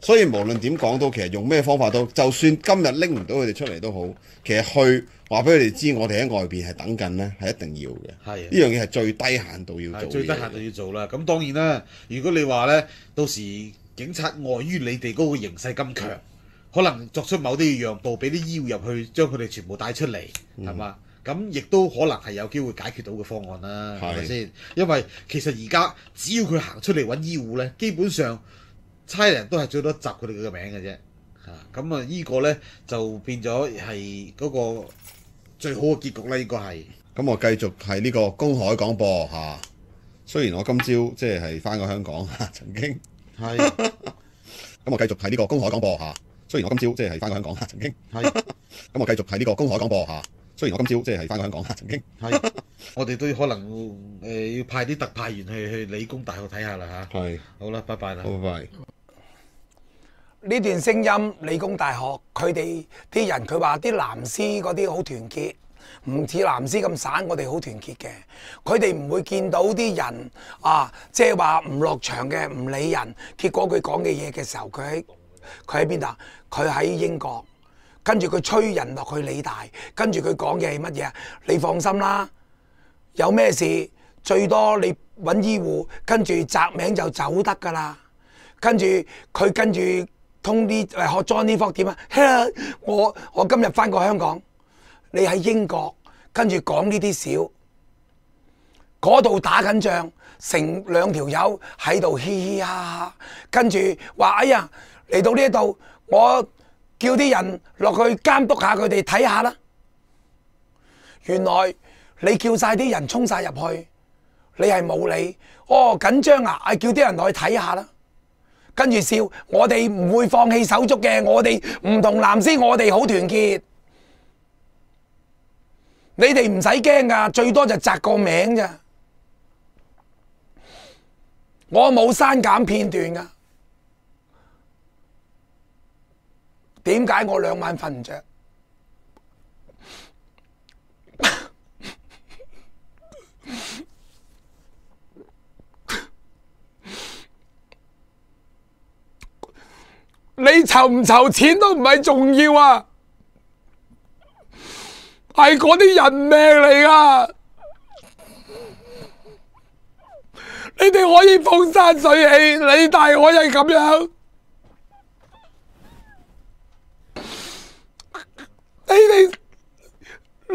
所以無論點講都，其實用咩方法都，就算今日拎唔到佢哋出嚟都好，其實去話俾佢哋知我哋喺外邊係等緊呢係一定要嘅。係呢樣嘢，係最低限度要做。最低限度要做啦。咁當然啦，如果你話呢，到時警察礙於你哋嗰個形勢咁強。可能作出某啲讓步，俾啲醫護入去，將佢哋全部帶出嚟，係嘛、嗯？咁亦都可能係有機會解決到嘅方案啦，係咪先？因為其實而家只要佢行出嚟揾醫護呢，基本上差人，都係最多集佢哋嘅名嘅啫。嚇，咁啊，呢個呢，就變咗係嗰個最好嘅結局啦。應該係。咁我繼續係呢個公海廣播嚇。雖然我今朝即係係翻過香港，曾經係。咁我繼續係呢個公海廣播嚇。雖然我今朝即係翻過香港，曾經係，咁我繼續喺呢個公海廣播吓。雖然我今朝即係翻過香港，曾經係，我哋都可能誒要派啲特派員去去理工大學睇下啦吓。係，好啦，拜拜啦，好，拜拜。呢段聲音，理工大學佢哋啲人，佢話啲藍絲嗰啲好團結，唔似藍絲咁散，我哋好團結嘅。佢哋唔會見到啲人啊，即係話唔落場嘅，唔理人。結果佢講嘅嘢嘅時候，佢。佢喺邊度？佢喺英國，跟住佢催人落去理大，跟住佢講嘅係乜嘢？你放心啦，有咩事最多你揾醫護，跟住擇名就走得噶啦。跟住佢跟住通啲誒，學裝呢科點啊？ [LAUGHS] 我我今日翻過香港，你喺英國，跟住講呢啲少，嗰度打緊仗，成兩條友喺度嘻嘻哈、啊、哈，跟住話哎呀。嚟到呢度，我叫啲人落去監督下佢哋睇下啦。原來你叫曬啲人衝曬入去，你係冇理。哦，緊張啊！叫啲人落去睇下啦。跟住笑，我哋唔會放棄手足嘅。我哋唔同藍絲，我哋好團結。你哋唔使驚㗎，最多就摘個名咋。我冇刪減片段㗎。點解我兩晚瞓唔着？ [LAUGHS] 你籌唔籌錢都唔係重要啊，係嗰啲人命嚟噶。你哋可以風生水起，你大可以咁樣。你你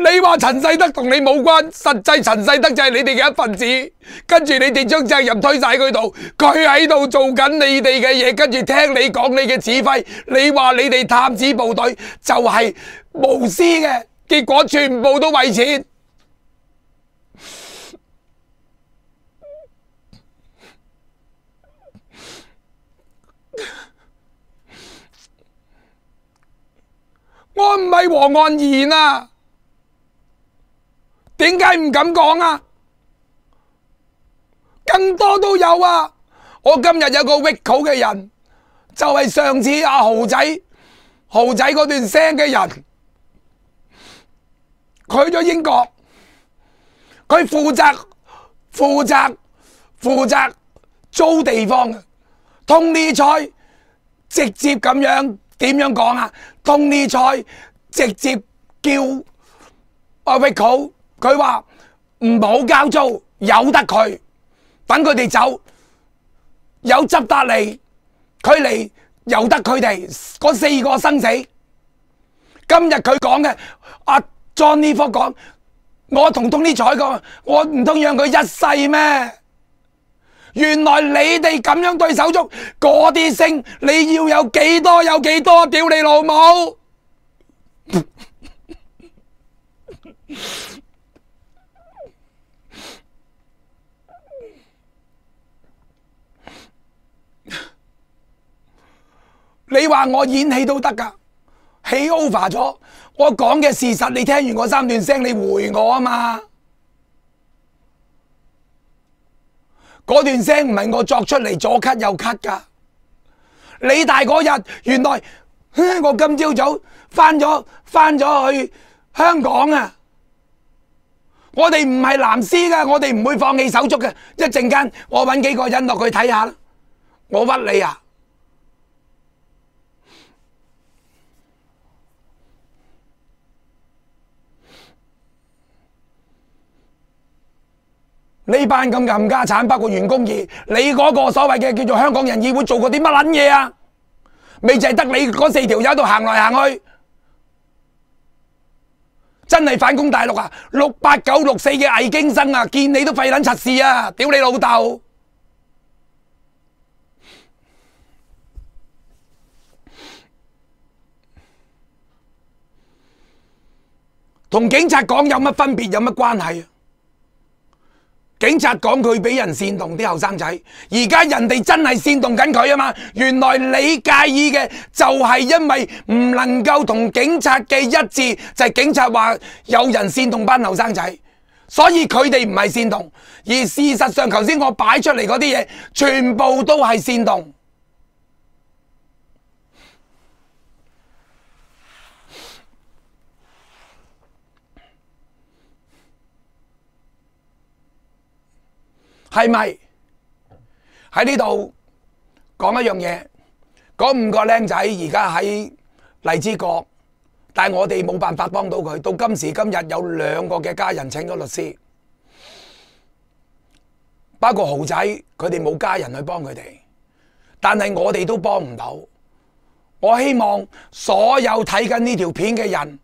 你話陳世德同你冇關，實際陳世德就係你哋嘅一份子，跟住你哋將責任推晒喺佢度，佢喺度做緊你哋嘅嘢，跟住聽你講你嘅指揮，你話你哋探子部隊就係無私嘅，結果全部都為錢。我唔係黃岸賢啊，點解唔敢講啊？更多都有啊！我今日有個 wake c 嘅人，就係、是、上次阿、啊、豪仔、豪仔嗰段聲嘅人，佢咗英國，佢負責負責負責租地方嘅，同呢李彩直接咁樣點樣講啊？通利彩直接叫阿 Victor，佢話唔好交租，由得佢，等佢哋走，有執得嚟，佢嚟由得佢哋嗰四個生死。今日佢講嘅阿 Johnny 莊呢科講，我同通利彩講，我唔通讓佢一世咩？原來你哋咁樣對手足，嗰啲聲你要有幾多有幾多，屌你老母！ [LAUGHS] [LAUGHS] 你話我演戲都得噶，戲 over 咗，我講嘅事實，你聽完嗰三段聲，你回我啊嘛。嗰段聲唔係我作出嚟，左咳右咳噶。你大嗰日，原來我今朝早返咗返咗去香港啊！我哋唔係藍絲噶，我哋唔會放棄手足嘅。一陣間我搵幾個人落去睇下，我屈你啊！呢班咁嘅冚家產，包括員工爾，你嗰個所謂嘅叫做香港人議會做過啲乜撚嘢啊？咪就係得你嗰四條友度行來行去，真係反攻大陸啊！六八九六四嘅偽經生啊，見你都費撚出事啊！屌你老豆，同警察講有乜分別，有乜關係啊？警察講佢俾人煽動啲後生仔，而家人哋真係煽動緊佢啊嘛！原來你介意嘅就係因為唔能夠同警察嘅一致，就係警察話有人煽動班後生仔，所以佢哋唔係煽動，而事實上，頭先我擺出嚟嗰啲嘢，全部都係煽動。係咪喺呢度講一樣嘢？嗰五個僆仔而家喺荔枝角，但係我哋冇辦法幫到佢。到今時今日，有兩個嘅家人請咗律師，包括豪仔，佢哋冇家人去幫佢哋，但係我哋都幫唔到。我希望所有睇緊呢條片嘅人，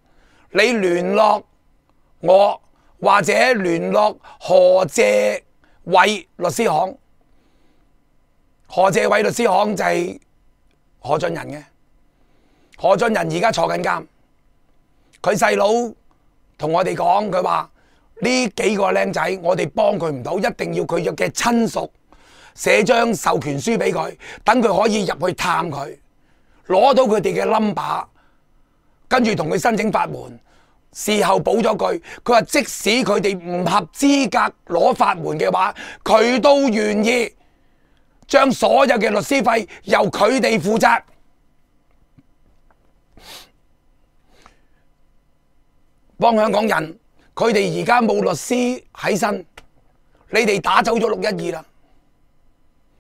你聯絡我或者聯絡何借。韋律師行，何謝韋律師行就係何俊仁嘅，何俊仁而家坐緊監，佢細佬同我哋講，佢話呢幾個僆仔我哋幫佢唔到，一定要佢嘅親屬寫張授權書俾佢，等佢可以入去探佢，攞到佢哋嘅 number，跟住同佢申請法援。事後補咗句，佢話即使佢哋唔合資格攞法援嘅話，佢都願意將所有嘅律師費由佢哋負責，幫香港人。佢哋而家冇律師喺身，你哋打走咗六一二啦，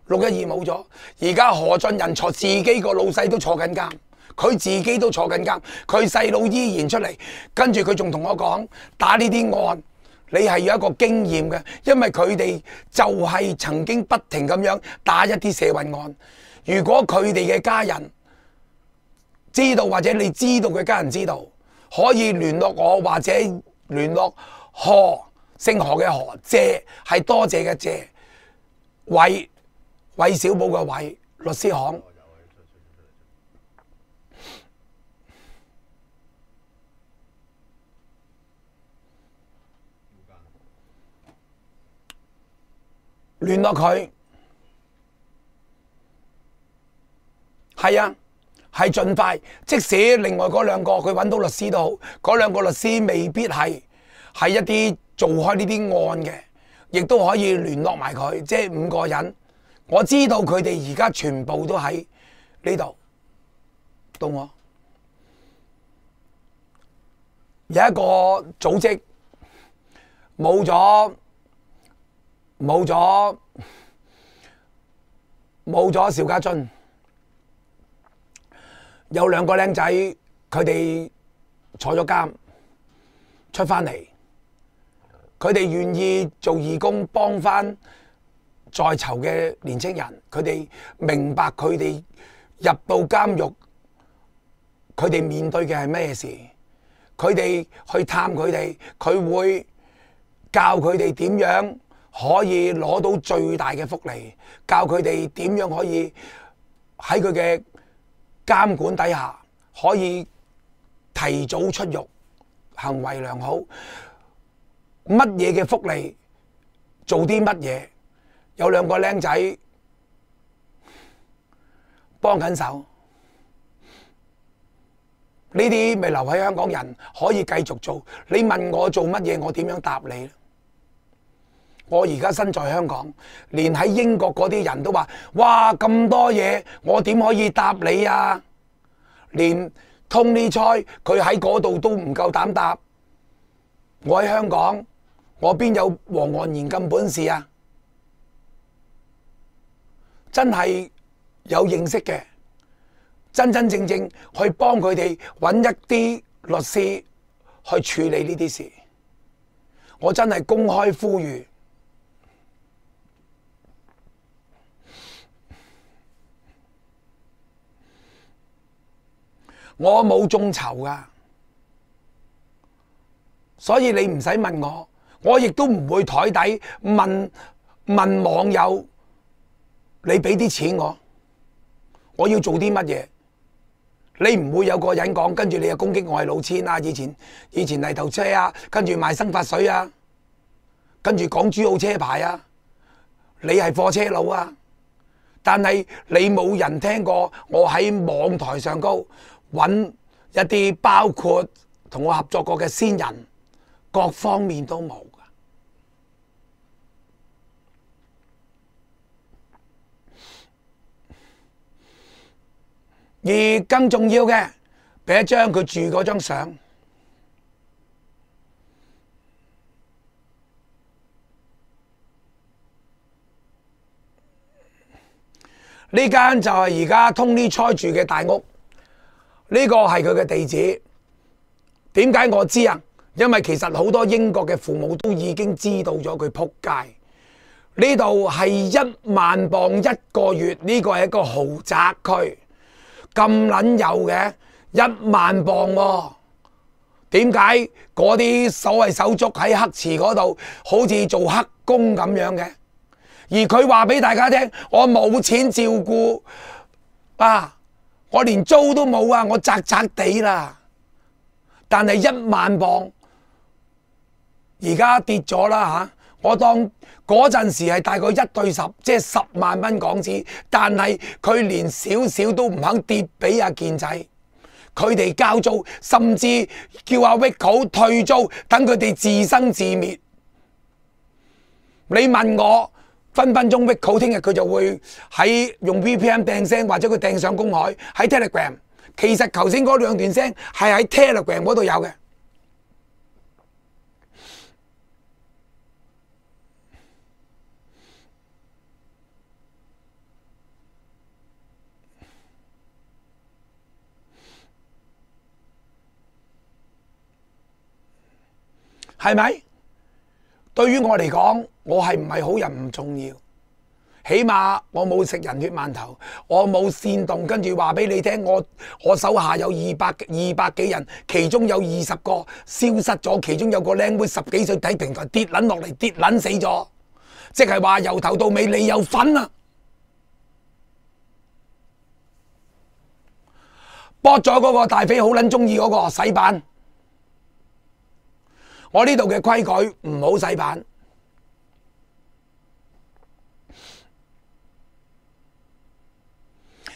六一二冇咗，而家何俊仁坐自己個老細都坐緊監。佢自己都坐緊監，佢細佬依然出嚟。跟住佢仲同我講，打呢啲案，你係要一個經驗嘅，因為佢哋就係曾經不停咁樣打一啲社運案。如果佢哋嘅家人知道，或者你知道佢家人知道，可以聯絡我，或者聯絡何姓何嘅何，謝，係多謝嘅謝，韋，韋小寶嘅韋，律師行。聯絡佢，係啊，係盡快。即使另外嗰兩個佢揾到律師都好，嗰兩個律師未必係係一啲做開呢啲案嘅，亦都可以聯絡埋佢。即係五個人，我知道佢哋而家全部都喺呢度。到我有一個組織，冇咗。冇咗，冇咗邵家俊。有兩個靚仔，佢哋坐咗監，出翻嚟，佢哋願意做義工幫翻在囚嘅年青人，佢哋明白佢哋入到監獄，佢哋面對嘅係咩事，佢哋去探佢哋，佢會教佢哋點樣。可以攞到最大嘅福利，教佢哋點樣可以喺佢嘅監管底下可以提早出獄，行為良好，乜嘢嘅福利，做啲乜嘢？有兩個僆仔幫緊手，呢啲咪留喺香港人可以繼續做。你問我做乜嘢，我點樣答你？我而家身在香港，連喺英國嗰啲人都話：哇咁多嘢，我點可以答你啊？連 Tony Choy 佢喺嗰度都唔夠膽答，我喺香港，我邊有黃岸然咁本事啊？真係有認識嘅，真真正正去幫佢哋揾一啲律師去處理呢啲事，我真係公開呼籲。我冇眾籌噶，所以你唔使問我，我亦都唔會台底問問網友，你俾啲錢我，我要做啲乜嘢？你唔會有個人講，跟住你又攻擊我係老千啊！以前以前泥頭車啊，跟住賣生髮水啊，跟住講珠澳車牌啊，你係貨車佬啊，但係你冇人聽過我喺網台上高。揾一啲包括同我合作過嘅先人，各方面都冇噶。而更重要嘅，俾一張佢住嗰張相。呢間就係而家通 o 初住嘅大屋。呢個係佢嘅地址，點解我知啊？因為其實好多英國嘅父母都已經知道咗佢扑街。呢度係一萬鎊一個月，呢個係一個豪宅區，咁捻有嘅一萬鎊喎。點解嗰啲所謂手足喺黑池嗰度好似做黑工咁樣嘅？而佢話俾大家聽，我冇錢照顧啊！我連租都冇啊，我窄窄地啦。但係一萬磅，而家跌咗啦吓，啊，我當嗰陣時係大概一對十，即係十萬蚊港紙。但係佢連少少都唔肯跌俾阿健仔，佢哋交租，甚至叫阿威寶退租，等佢哋自生自滅。你問我？分分鐘搣好，聽日佢就會喺用 VPN 掟聲，或者佢掟上公海喺 Telegram。其實頭先嗰兩段聲係喺 Telegram 嗰度有嘅，係咪？對於我嚟講，我係唔係好人唔重要，起碼我冇食人血饅頭，我冇煽動，跟住話畀你聽，我我手下有二百二百幾人，其中有二十個消失咗，其中有個靚妹十幾歲喺平台跌撚落嚟，跌撚死咗，即係話由頭到尾你有份啊！駁咗嗰個大飛好撚中意嗰個洗版。我呢度嘅規矩唔好洗版，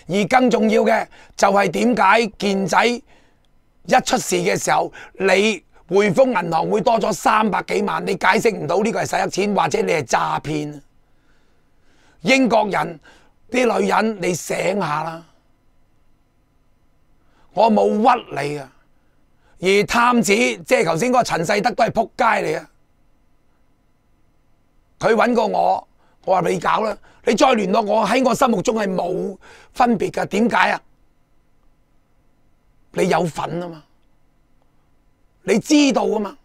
而更重要嘅就係點解健仔一出事嘅時候，你匯豐銀行會多咗三百幾萬，你解釋唔到呢個係洗黑錢，或者你係詐騙？英國人啲女人，你醒下啦，我冇屈你而探子即係頭先嗰個陳世德都係撲街嚟啊！佢揾過我，我話你搞啦，你再聯絡我，喺我心目中係冇分別㗎，點解啊？你有份啊嘛，你知道啊嘛，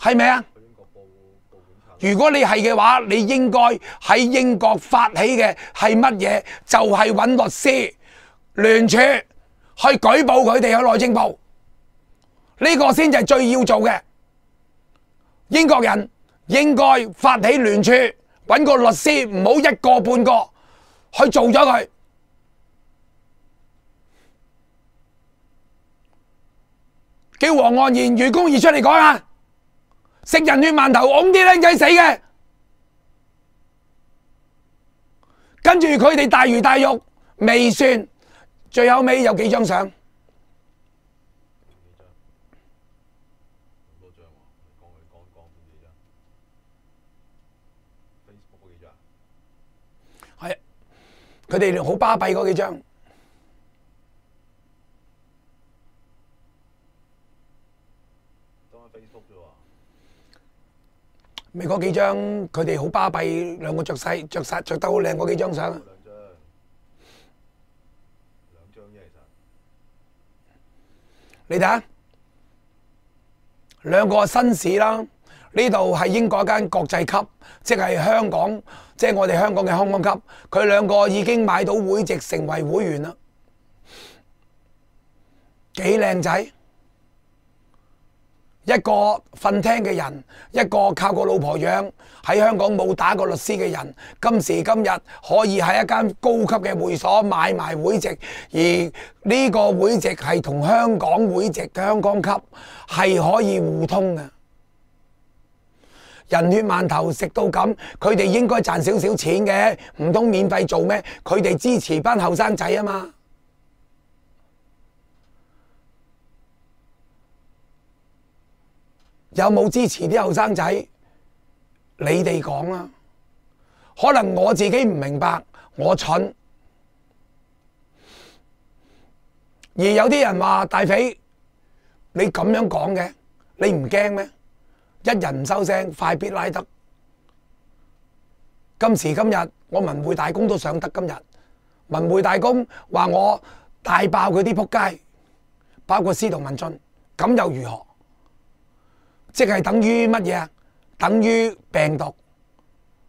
係咪啊？如果你係嘅話，你應該喺英國發起嘅係乜嘢？就係揾律師聯署。去舉報佢哋去內政部，呢個先至係最要做嘅。英國人應該發起聯署，搵個律師，唔好一個半個去做咗佢。叫黃岸然、余公義出嚟講啊！食人血饅頭，㧬啲靚仔死嘅，跟住佢哋大魚大肉未算。最後尾有幾張相？幾多張？好多張啊！你過去講講，邊幾張？Facebook 嗰幾張？係，佢哋好巴閉嗰幾張。當喺 Facebook 啫喎。咪嗰幾張？佢哋好巴閉，兩個着晒着晒，着得好靚嗰幾張相。你睇下，兩個紳士啦，呢度係英國一間國際級，即係香港，即係我哋香港嘅香港級，佢兩個已經買到會籍成為會員啦，幾靚仔。一個瞓廳嘅人，一個靠個老婆養，喺香港冇打過律師嘅人，今時今日可以喺一間高級嘅會所買埋會籍，而呢個會籍係同香港會籍香港級係可以互通嘅。人血饅頭食到咁，佢哋應該賺少少錢嘅，唔通免費做咩？佢哋支持班後生仔吖嘛？有冇支持啲後生仔？你哋講啦，可能我自己唔明白，我蠢。而有啲人話大肥，你咁樣講嘅，你唔驚咩？一人唔收聲，快必拉得。今時今日，我文匯大公都想得今日，文匯大公話我大爆佢啲撲街，包括司徒文俊，咁又如何？即係等於乜嘢啊？等於病毒。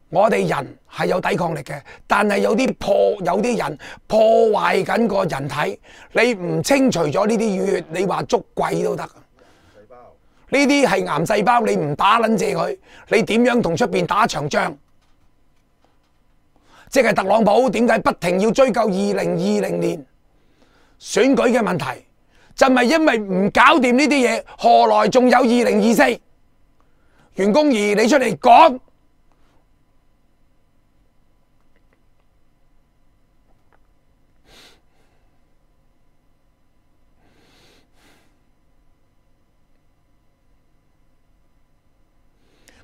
我哋人係有抵抗力嘅，但係有啲破，有啲人破壞緊個人體。你唔清除咗呢啲淤血，你話捉鬼都得。呢啲係癌細胞，你唔打撚借佢，你點樣同出邊打一場仗？即係特朗普點解不停要追究二零二零年選舉嘅問題？就咪因為唔搞掂呢啲嘢，何來仲有二零二四？袁弓夷，你出嚟講，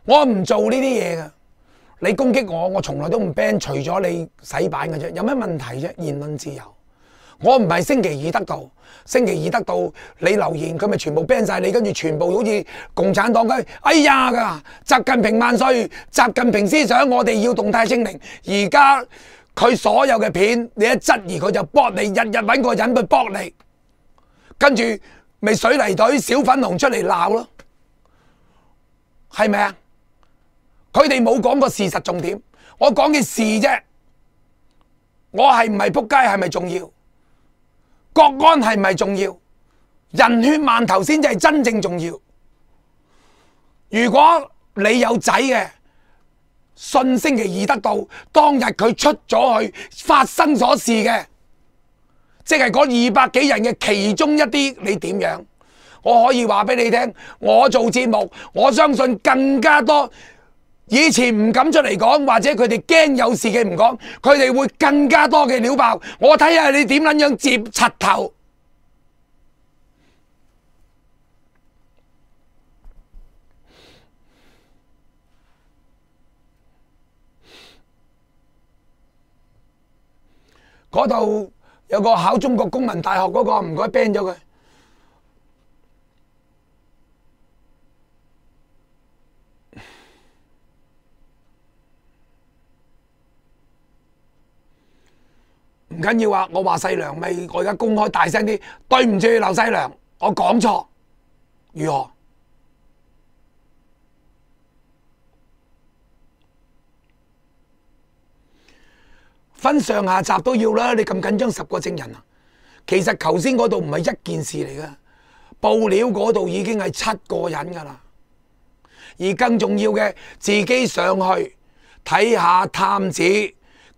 我唔做呢啲嘢噶。你攻擊我，我從來都唔 ban，除咗你洗版嘅啫，有咩問題啫？言論自由。我唔係星期二得到，星期二得到你留言，佢咪全部 ban 晒你，跟住全部好似共產黨咁，哎呀噶，習近平萬歲，習近平思想，我哋要動態清零。而家佢所有嘅片，你一質疑佢就駁你，日日搵個人去駁你，跟住咪水泥隊小粉紅出嚟鬧咯，係咪啊？佢哋冇講過事實重點，我講件事啫，我係唔係撲街係咪重要？國安係咪重要？人血饅頭先至係真正重要。如果你有仔嘅，信星期二得到，當日佢出咗去發生咗事嘅，即係嗰二百幾人嘅其中一啲，你點樣？我可以話俾你聽，我做節目，我相信更加多。以前唔敢出嚟講，或者佢哋驚有事嘅唔講，佢哋會更加多嘅料爆。我睇下你點樣接柒頭。嗰度有個考中國公民大學嗰個，唔該 ban 咗佢。唔緊要啊！我話世良咪我而家公開大聲啲，對唔住劉世良，我講錯，如何？分上下集都要啦！你咁緊張十個證人啊？其實頭先嗰度唔係一件事嚟噶，報料嗰度已經係七個人噶啦，而更重要嘅，自己上去睇下探子。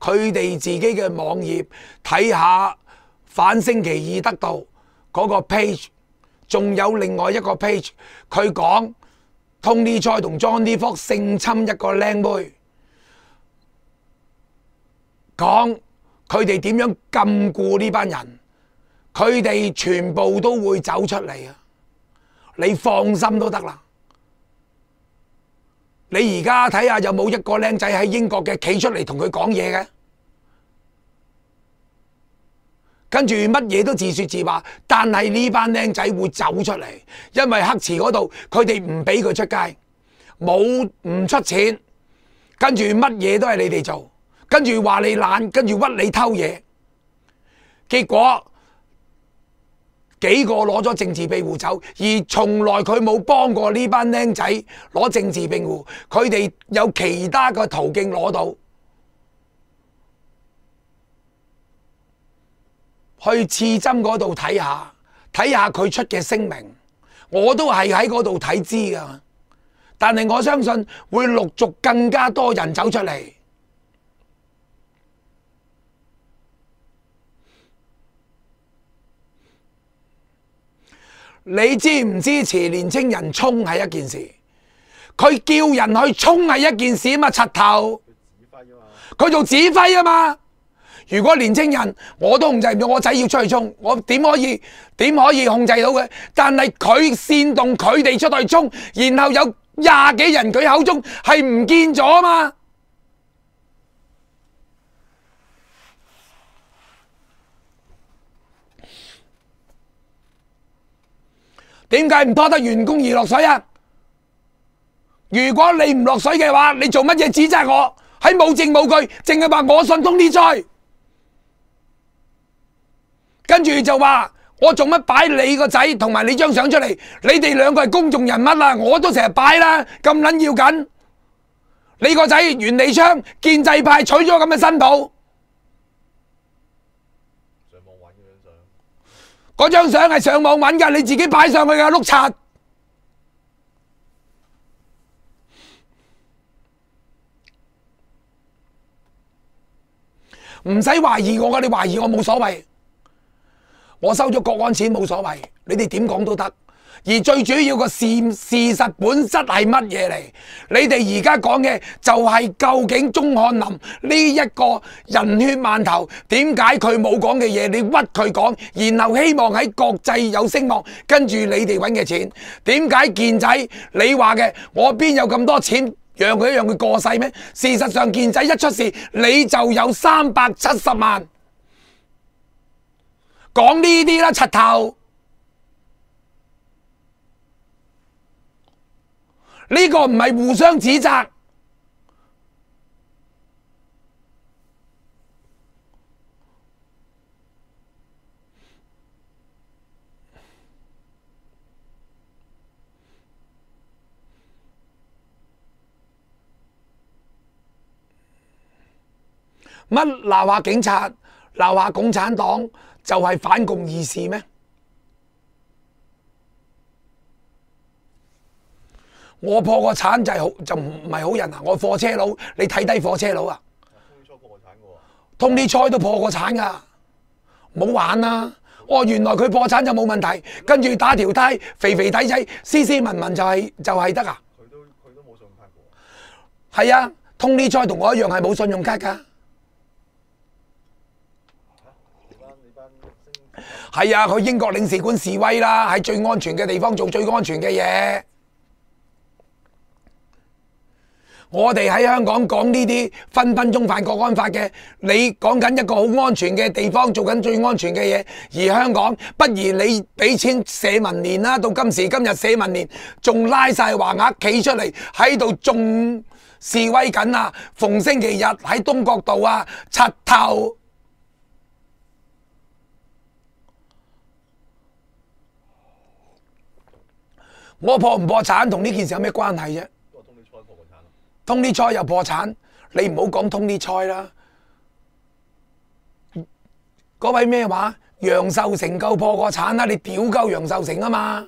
佢哋自己嘅網頁睇下，反星期二得到嗰個 page，仲有另外一個 page，佢講 Tony 蔡同 Johnny 福性侵一個靚妹，講佢哋點樣禁錮呢班人，佢哋全部都會走出嚟啊！你放心都得啦。你而家睇下有冇一個僆仔喺英國嘅企出嚟同佢講嘢嘅，跟住乜嘢都自説自話，但係呢班僆仔會走出嚟，因為黑池嗰度佢哋唔畀佢出街，冇唔出錢，跟住乜嘢都係你哋做，跟住話你懶，跟住屈你偷嘢，結果。幾個攞咗政治庇護走，而從來佢冇幫過呢班僆仔攞政治庇護，佢哋有其他嘅途徑攞到去刺針嗰度睇下，睇下佢出嘅聲明，我都係喺嗰度睇知㗎，但係我相信會陸續更加多人走出嚟。你支唔支持年青人衝係一件事，佢叫人去衝係一件事啊嘛，柒頭，佢指揮噶嘛，佢做指揮啊嘛。如果年青人我都控制唔到，我仔要出去衝，我點可以點可以控制到佢？但係佢煽動佢哋出去衝，然後有廿幾人佢口中係唔見咗啊嘛。點解唔拖得員工而落水啊？如果你唔落水嘅話，你做乜嘢指責我？喺冇證冇據，淨係話我信通呢災，跟住就話我做乜擺你個仔同埋你張相出嚟？你哋兩個係公眾人物啦，啊，我都成日擺啦，咁撚要緊？你個仔袁李昌建制派娶咗咁嘅新抱。嗰張相係上網揾㗎，你自己擺上去㗎，碌柒！唔使懷疑我㗎，你懷疑我冇所謂。我收咗國安錢冇所謂，你哋點講都得。而最主要嘅事事實本質係乜嘢嚟？你哋而家講嘅就係究竟鐘漢林呢一個人血饅頭點解佢冇講嘅嘢？你屈佢講，然後希望喺國際有聲望，跟住你哋揾嘅錢點解健仔你話嘅？我邊有咁多錢讓佢讓佢過世咩？事實上健仔一出事，你就有三百七十萬。講呢啲啦，柒頭。呢個唔係互相指責，乜鬧下警察、鬧下共產黨就係反共義士咩？我破個產就係好就唔係好人啊！我貨車佬，你睇低貨車佬啊！通利菜破產，通利菜都破過產啊！唔好玩啊！哦，原來佢破產就冇問題，跟住打條呔，肥肥底仔，斯斯文文就係、係、就係、係、得啊！佢都佢都冇信用卡噶，係啊，通利菜同我一樣係冇信用卡噶。係啊，佢、啊、英國領事館示威啦，喺最安全嘅地方做最安全嘅嘢。我哋喺香港講呢啲分分鐘犯國安法嘅，你講緊一個好安全嘅地方做緊最安全嘅嘢，而香港不如你畀錢社民連啦，到今時今日社民連仲拉晒橫額企出嚟喺度仲示威緊啊，逢星期日喺東角道啊，柒頭，我破唔破產同呢件事有咩關係啫？通啲菜又破產，你唔好講通啲菜啦！嗰位咩話？楊秀成夠破個產啦，你屌鳩楊秀成啊嘛！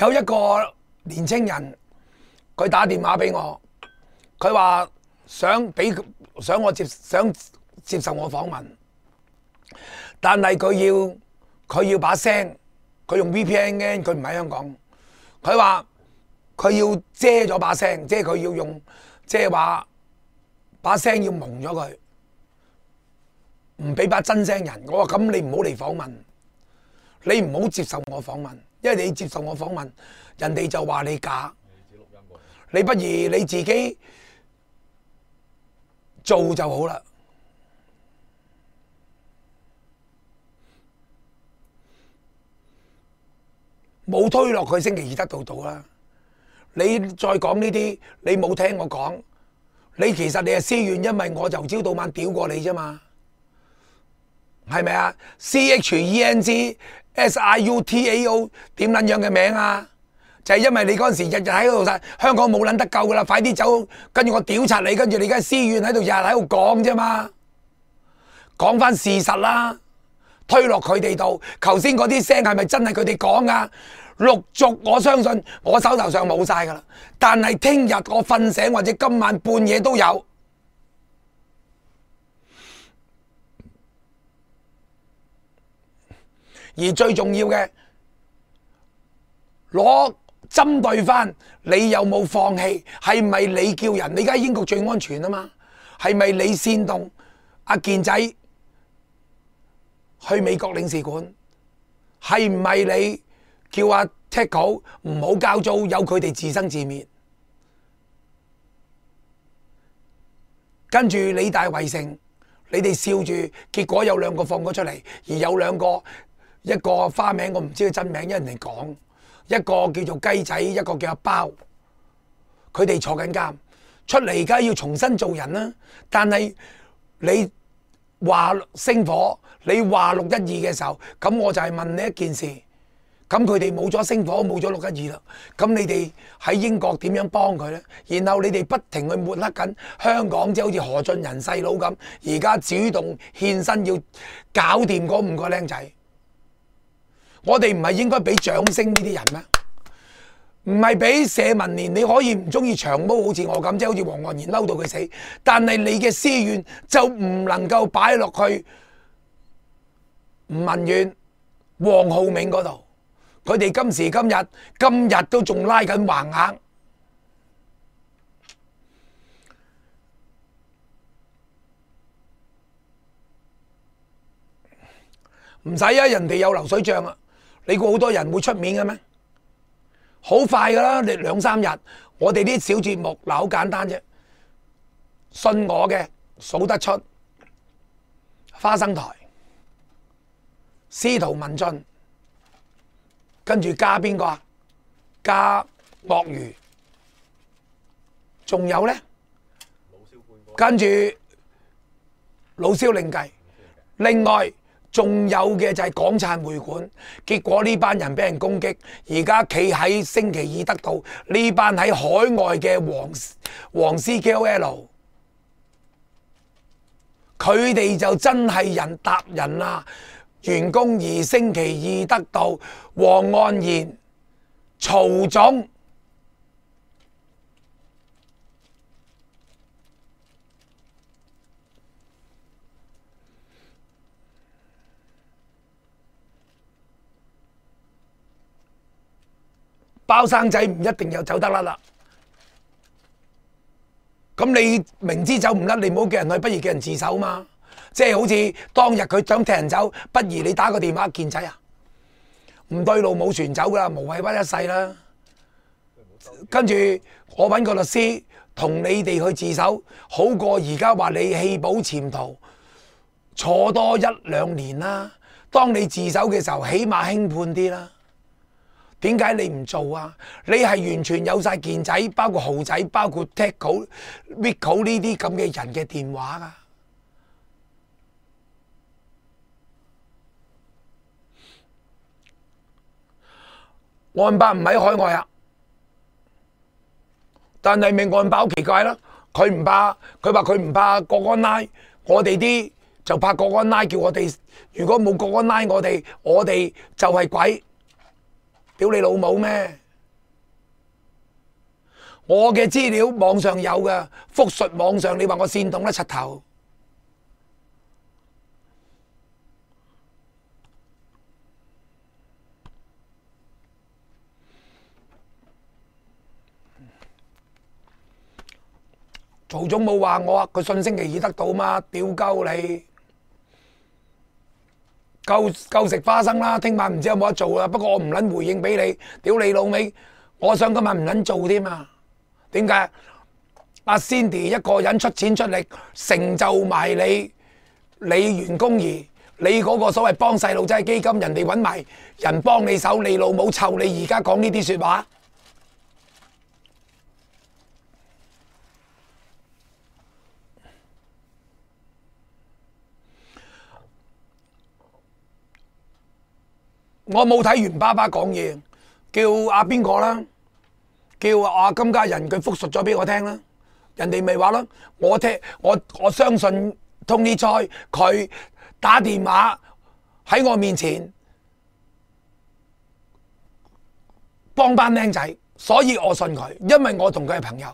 有一個年青人，佢打電話俾我，佢話想俾想我接想接受我訪問，但係佢要佢要把聲，佢用 VPN 嘅，佢唔喺香港。佢話佢要遮咗把聲，即係佢要用，即係話把聲要矇咗佢，唔俾把真聲人。我話咁，你唔好嚟訪問，你唔好接受我訪問，因為你接受我訪問，人哋就話你假。你不如你自己做就好啦。冇推落佢星期二得到到啦！你再講呢啲，你冇聽我講，你其實你係私怨，因為我就朝到晚屌過你啫嘛，係咪啊？C H E N G S I U T A O 點捻樣嘅名啊？就係、是、因為你嗰陣時候日日喺度晒，香港冇捻得救噶啦，快啲走，跟住我屌查你，跟住你而家私怨喺度日日喺度講啫嘛，講翻事實啦。推落佢哋度，頭先嗰啲聲係咪真係佢哋講噶？陸續我相信我手頭上冇晒噶啦，但係聽日我瞓醒或者今晚半夜都有。而最重要嘅，攞針對翻你有冇放棄？係咪你叫人？你而家喺英國最安全啊嘛？係咪你煽動阿健仔？去美國領事館係唔係你叫阿 t 踢 o 唔好交租，由佢哋自生自滅？跟住李大為盛，你哋笑住，結果有兩個放咗出嚟，而有兩個一個花名我唔知佢真名，一人嚟講，一個叫做雞仔，一個叫阿包，佢哋坐緊監出嚟，而家要重新做人啦。但係你話星火？你話六一二嘅時候，咁我就係問你一件事。咁佢哋冇咗星火，冇咗六一二啦。咁你哋喺英國點樣幫佢呢？然後你哋不停去抹黑緊香港，即好似何俊仁細佬咁。而家主動獻身要搞掂嗰五個靚仔，我哋唔係應該俾掌聲呢啲人咩？唔係俾社民連你可以唔中意長毛好似我咁，即係好似黃岸然嬲到佢死。但係你嘅私怨就唔能夠擺落去。吳文遠、黃浩銘嗰度，佢哋今時今日今日都仲拉緊橫額，唔使啊！人哋有流水賬啊，你估好多人會出面嘅咩？好快噶啦，你兩三日。我哋啲小節目嗱，好簡單啫，信我嘅數得出，花生台。司徒文俊，跟住加邊個啊？加鱷魚，仲有呢？跟住老蕭另計。另外仲有嘅就係港燦會館，結果呢班人俾人攻擊，而家企喺星期二得到呢班喺海外嘅黃黃絲 KOL，佢哋就真係人搭人啦、啊。員工二星期二得到黃安然、曹總、包生仔唔一定有走得甩啦。咁你明知走唔甩，你唔好叫人去，不如叫人自首嘛。即係好似當日佢想踢人走，不如你打個電話健仔啊！唔對路冇船走噶啦，無謂屈一世啦。 [MUSIC] 跟住我搵個律師同你哋去自首，好過而家話你棄保潛逃，坐多一兩年啦。當你自首嘅時候，起碼輕判啲啦。點解你唔做啊？你係完全有晒健仔，包括豪仔，包括 t a 踢狗、bit 狗呢啲咁嘅人嘅電話啊！安邦唔喺海外啊，但係咪安邦好奇怪啦、啊？佢唔怕，佢話佢唔怕國安拉。我哋啲就怕國安拉叫我哋，如果冇國安拉我哋我哋就係鬼，屌你老母咩？我嘅資料網上有噶，複述網上，你話我煽動得柒頭。曹總冇話我啊，佢信星期二得到嘛，屌鳩你！夠夠食花生啦，聽晚唔知有冇得做啦。不過我唔捻回應畀你，屌你老味！我想今晚唔捻做添啊，點解？阿 Cindy 一個人出錢出力成就埋你，你員工而你嗰個所謂幫細路仔基金，人哋搵埋人幫你手，你老母湊你，而家講呢啲說話？我冇睇完爸爸講嘢，叫阿邊個啦，叫阿、啊、金家人，佢複述咗俾我聽啦。人哋咪話啦，我聽我我相信通 o y 佢打電話喺我面前幫班僆仔，所以我信佢，因為我同佢係朋友。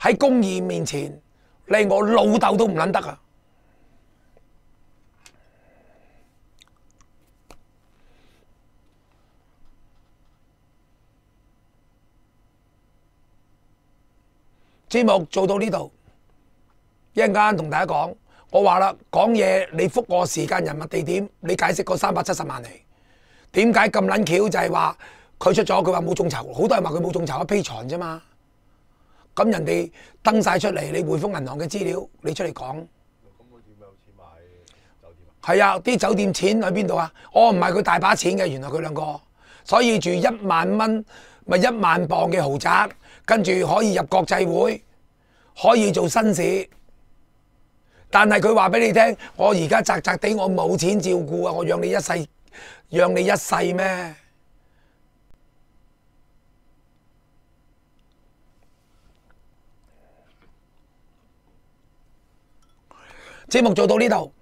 喺公義面前，連我老豆都唔捻得啊！節目做到呢度，一陣間同大家講。我話啦，講嘢你覆我時間、人物、地點，你解釋個三百七十萬嚟。點解咁撚巧？就係話佢出咗，佢話冇眾籌，好多人話佢冇眾籌，一批藏啫嘛。咁人哋登晒出嚟，你匯豐銀行嘅資料，你出嚟講。咁佢點有錢買酒店啊？係啊，啲酒店錢喺邊度啊？我唔係佢大把錢嘅，原來佢兩個，所以住一萬蚊，咪一萬磅嘅豪宅。跟住可以入國際會，可以做紳士，但係佢話畀你聽：我而家窄窄地，我冇錢照顧啊！我養你一世，養你一世咩？節目做到呢度，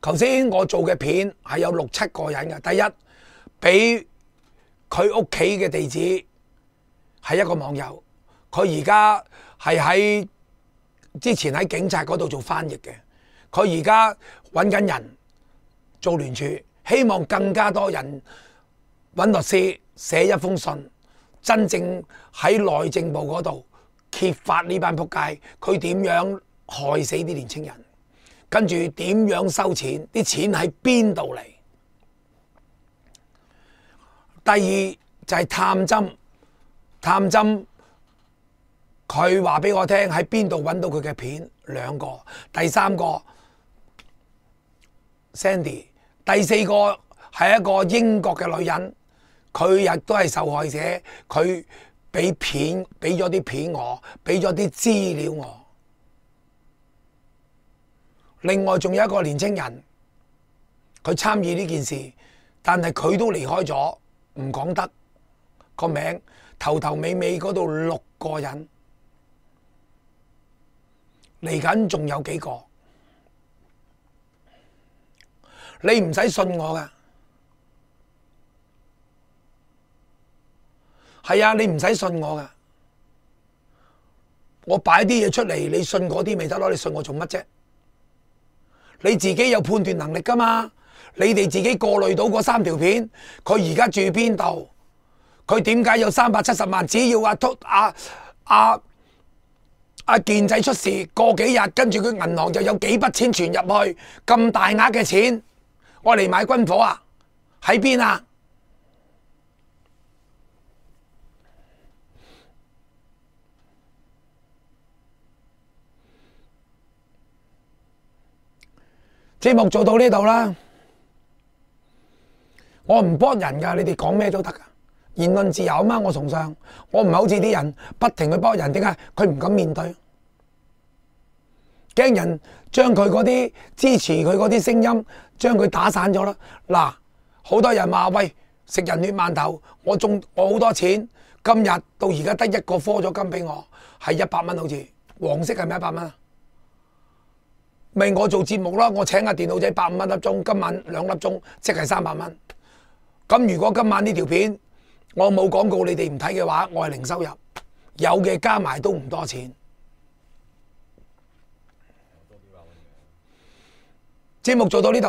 頭先我做嘅片係有六七個人嘅。第一，畀佢屋企嘅地址。係一個網友，佢而家係喺之前喺警察嗰度做翻譯嘅，佢而家揾緊人做聯署，希望更加多人揾律師寫一封信，真正喺內政部嗰度揭發呢班仆街，佢點樣害死啲年青人，跟住點樣收錢，啲錢喺邊度嚟？第二就係探針。探針，佢話俾我聽喺邊度揾到佢嘅片，兩個，第三個，Sandy，第四個係一個英國嘅女人，佢亦都係受害者，佢俾片俾咗啲片我，俾咗啲資料我。另外仲有一個年青人，佢參與呢件事，但係佢都離開咗，唔講得個名。頭頭尾尾嗰度六個人，嚟緊仲有幾個？你唔使信我㗎，係啊，你唔使信我㗎。我擺啲嘢出嚟，你信嗰啲咪得咯，你信我做乜啫？你自己有判斷能力㗎嘛？你哋自己過濾到嗰三條片，佢而家住邊度？佢點解有三百七十萬？只要阿禿阿阿阿健仔出事，過幾日跟住佢銀行就有幾筆錢存入去，咁大額嘅錢，我嚟買軍火啊！喺邊啊？節目做到呢度啦，我唔幫人㗎，你哋講咩都得㗎。言論自由吖嘛，我崇尚，我唔係好似啲人不停去幫人。點解佢唔敢面對？驚人將佢嗰啲支持佢嗰啲聲音將佢打散咗啦。嗱，好多人話：喂，食人血饅頭，我中我好多錢。今日到而家得一個科咗金俾我係一百蚊，好似黃色係咪一百蚊啊？咪、就是、我做節目咯，我請下電腦仔百五蚊粒鐘，今晚兩粒鐘即係三百蚊。咁如果今晚呢條片？我冇廣告，你哋唔睇嘅話，我係零收入。有嘅加埋都唔多錢。 [NOISE] 節目做到呢度。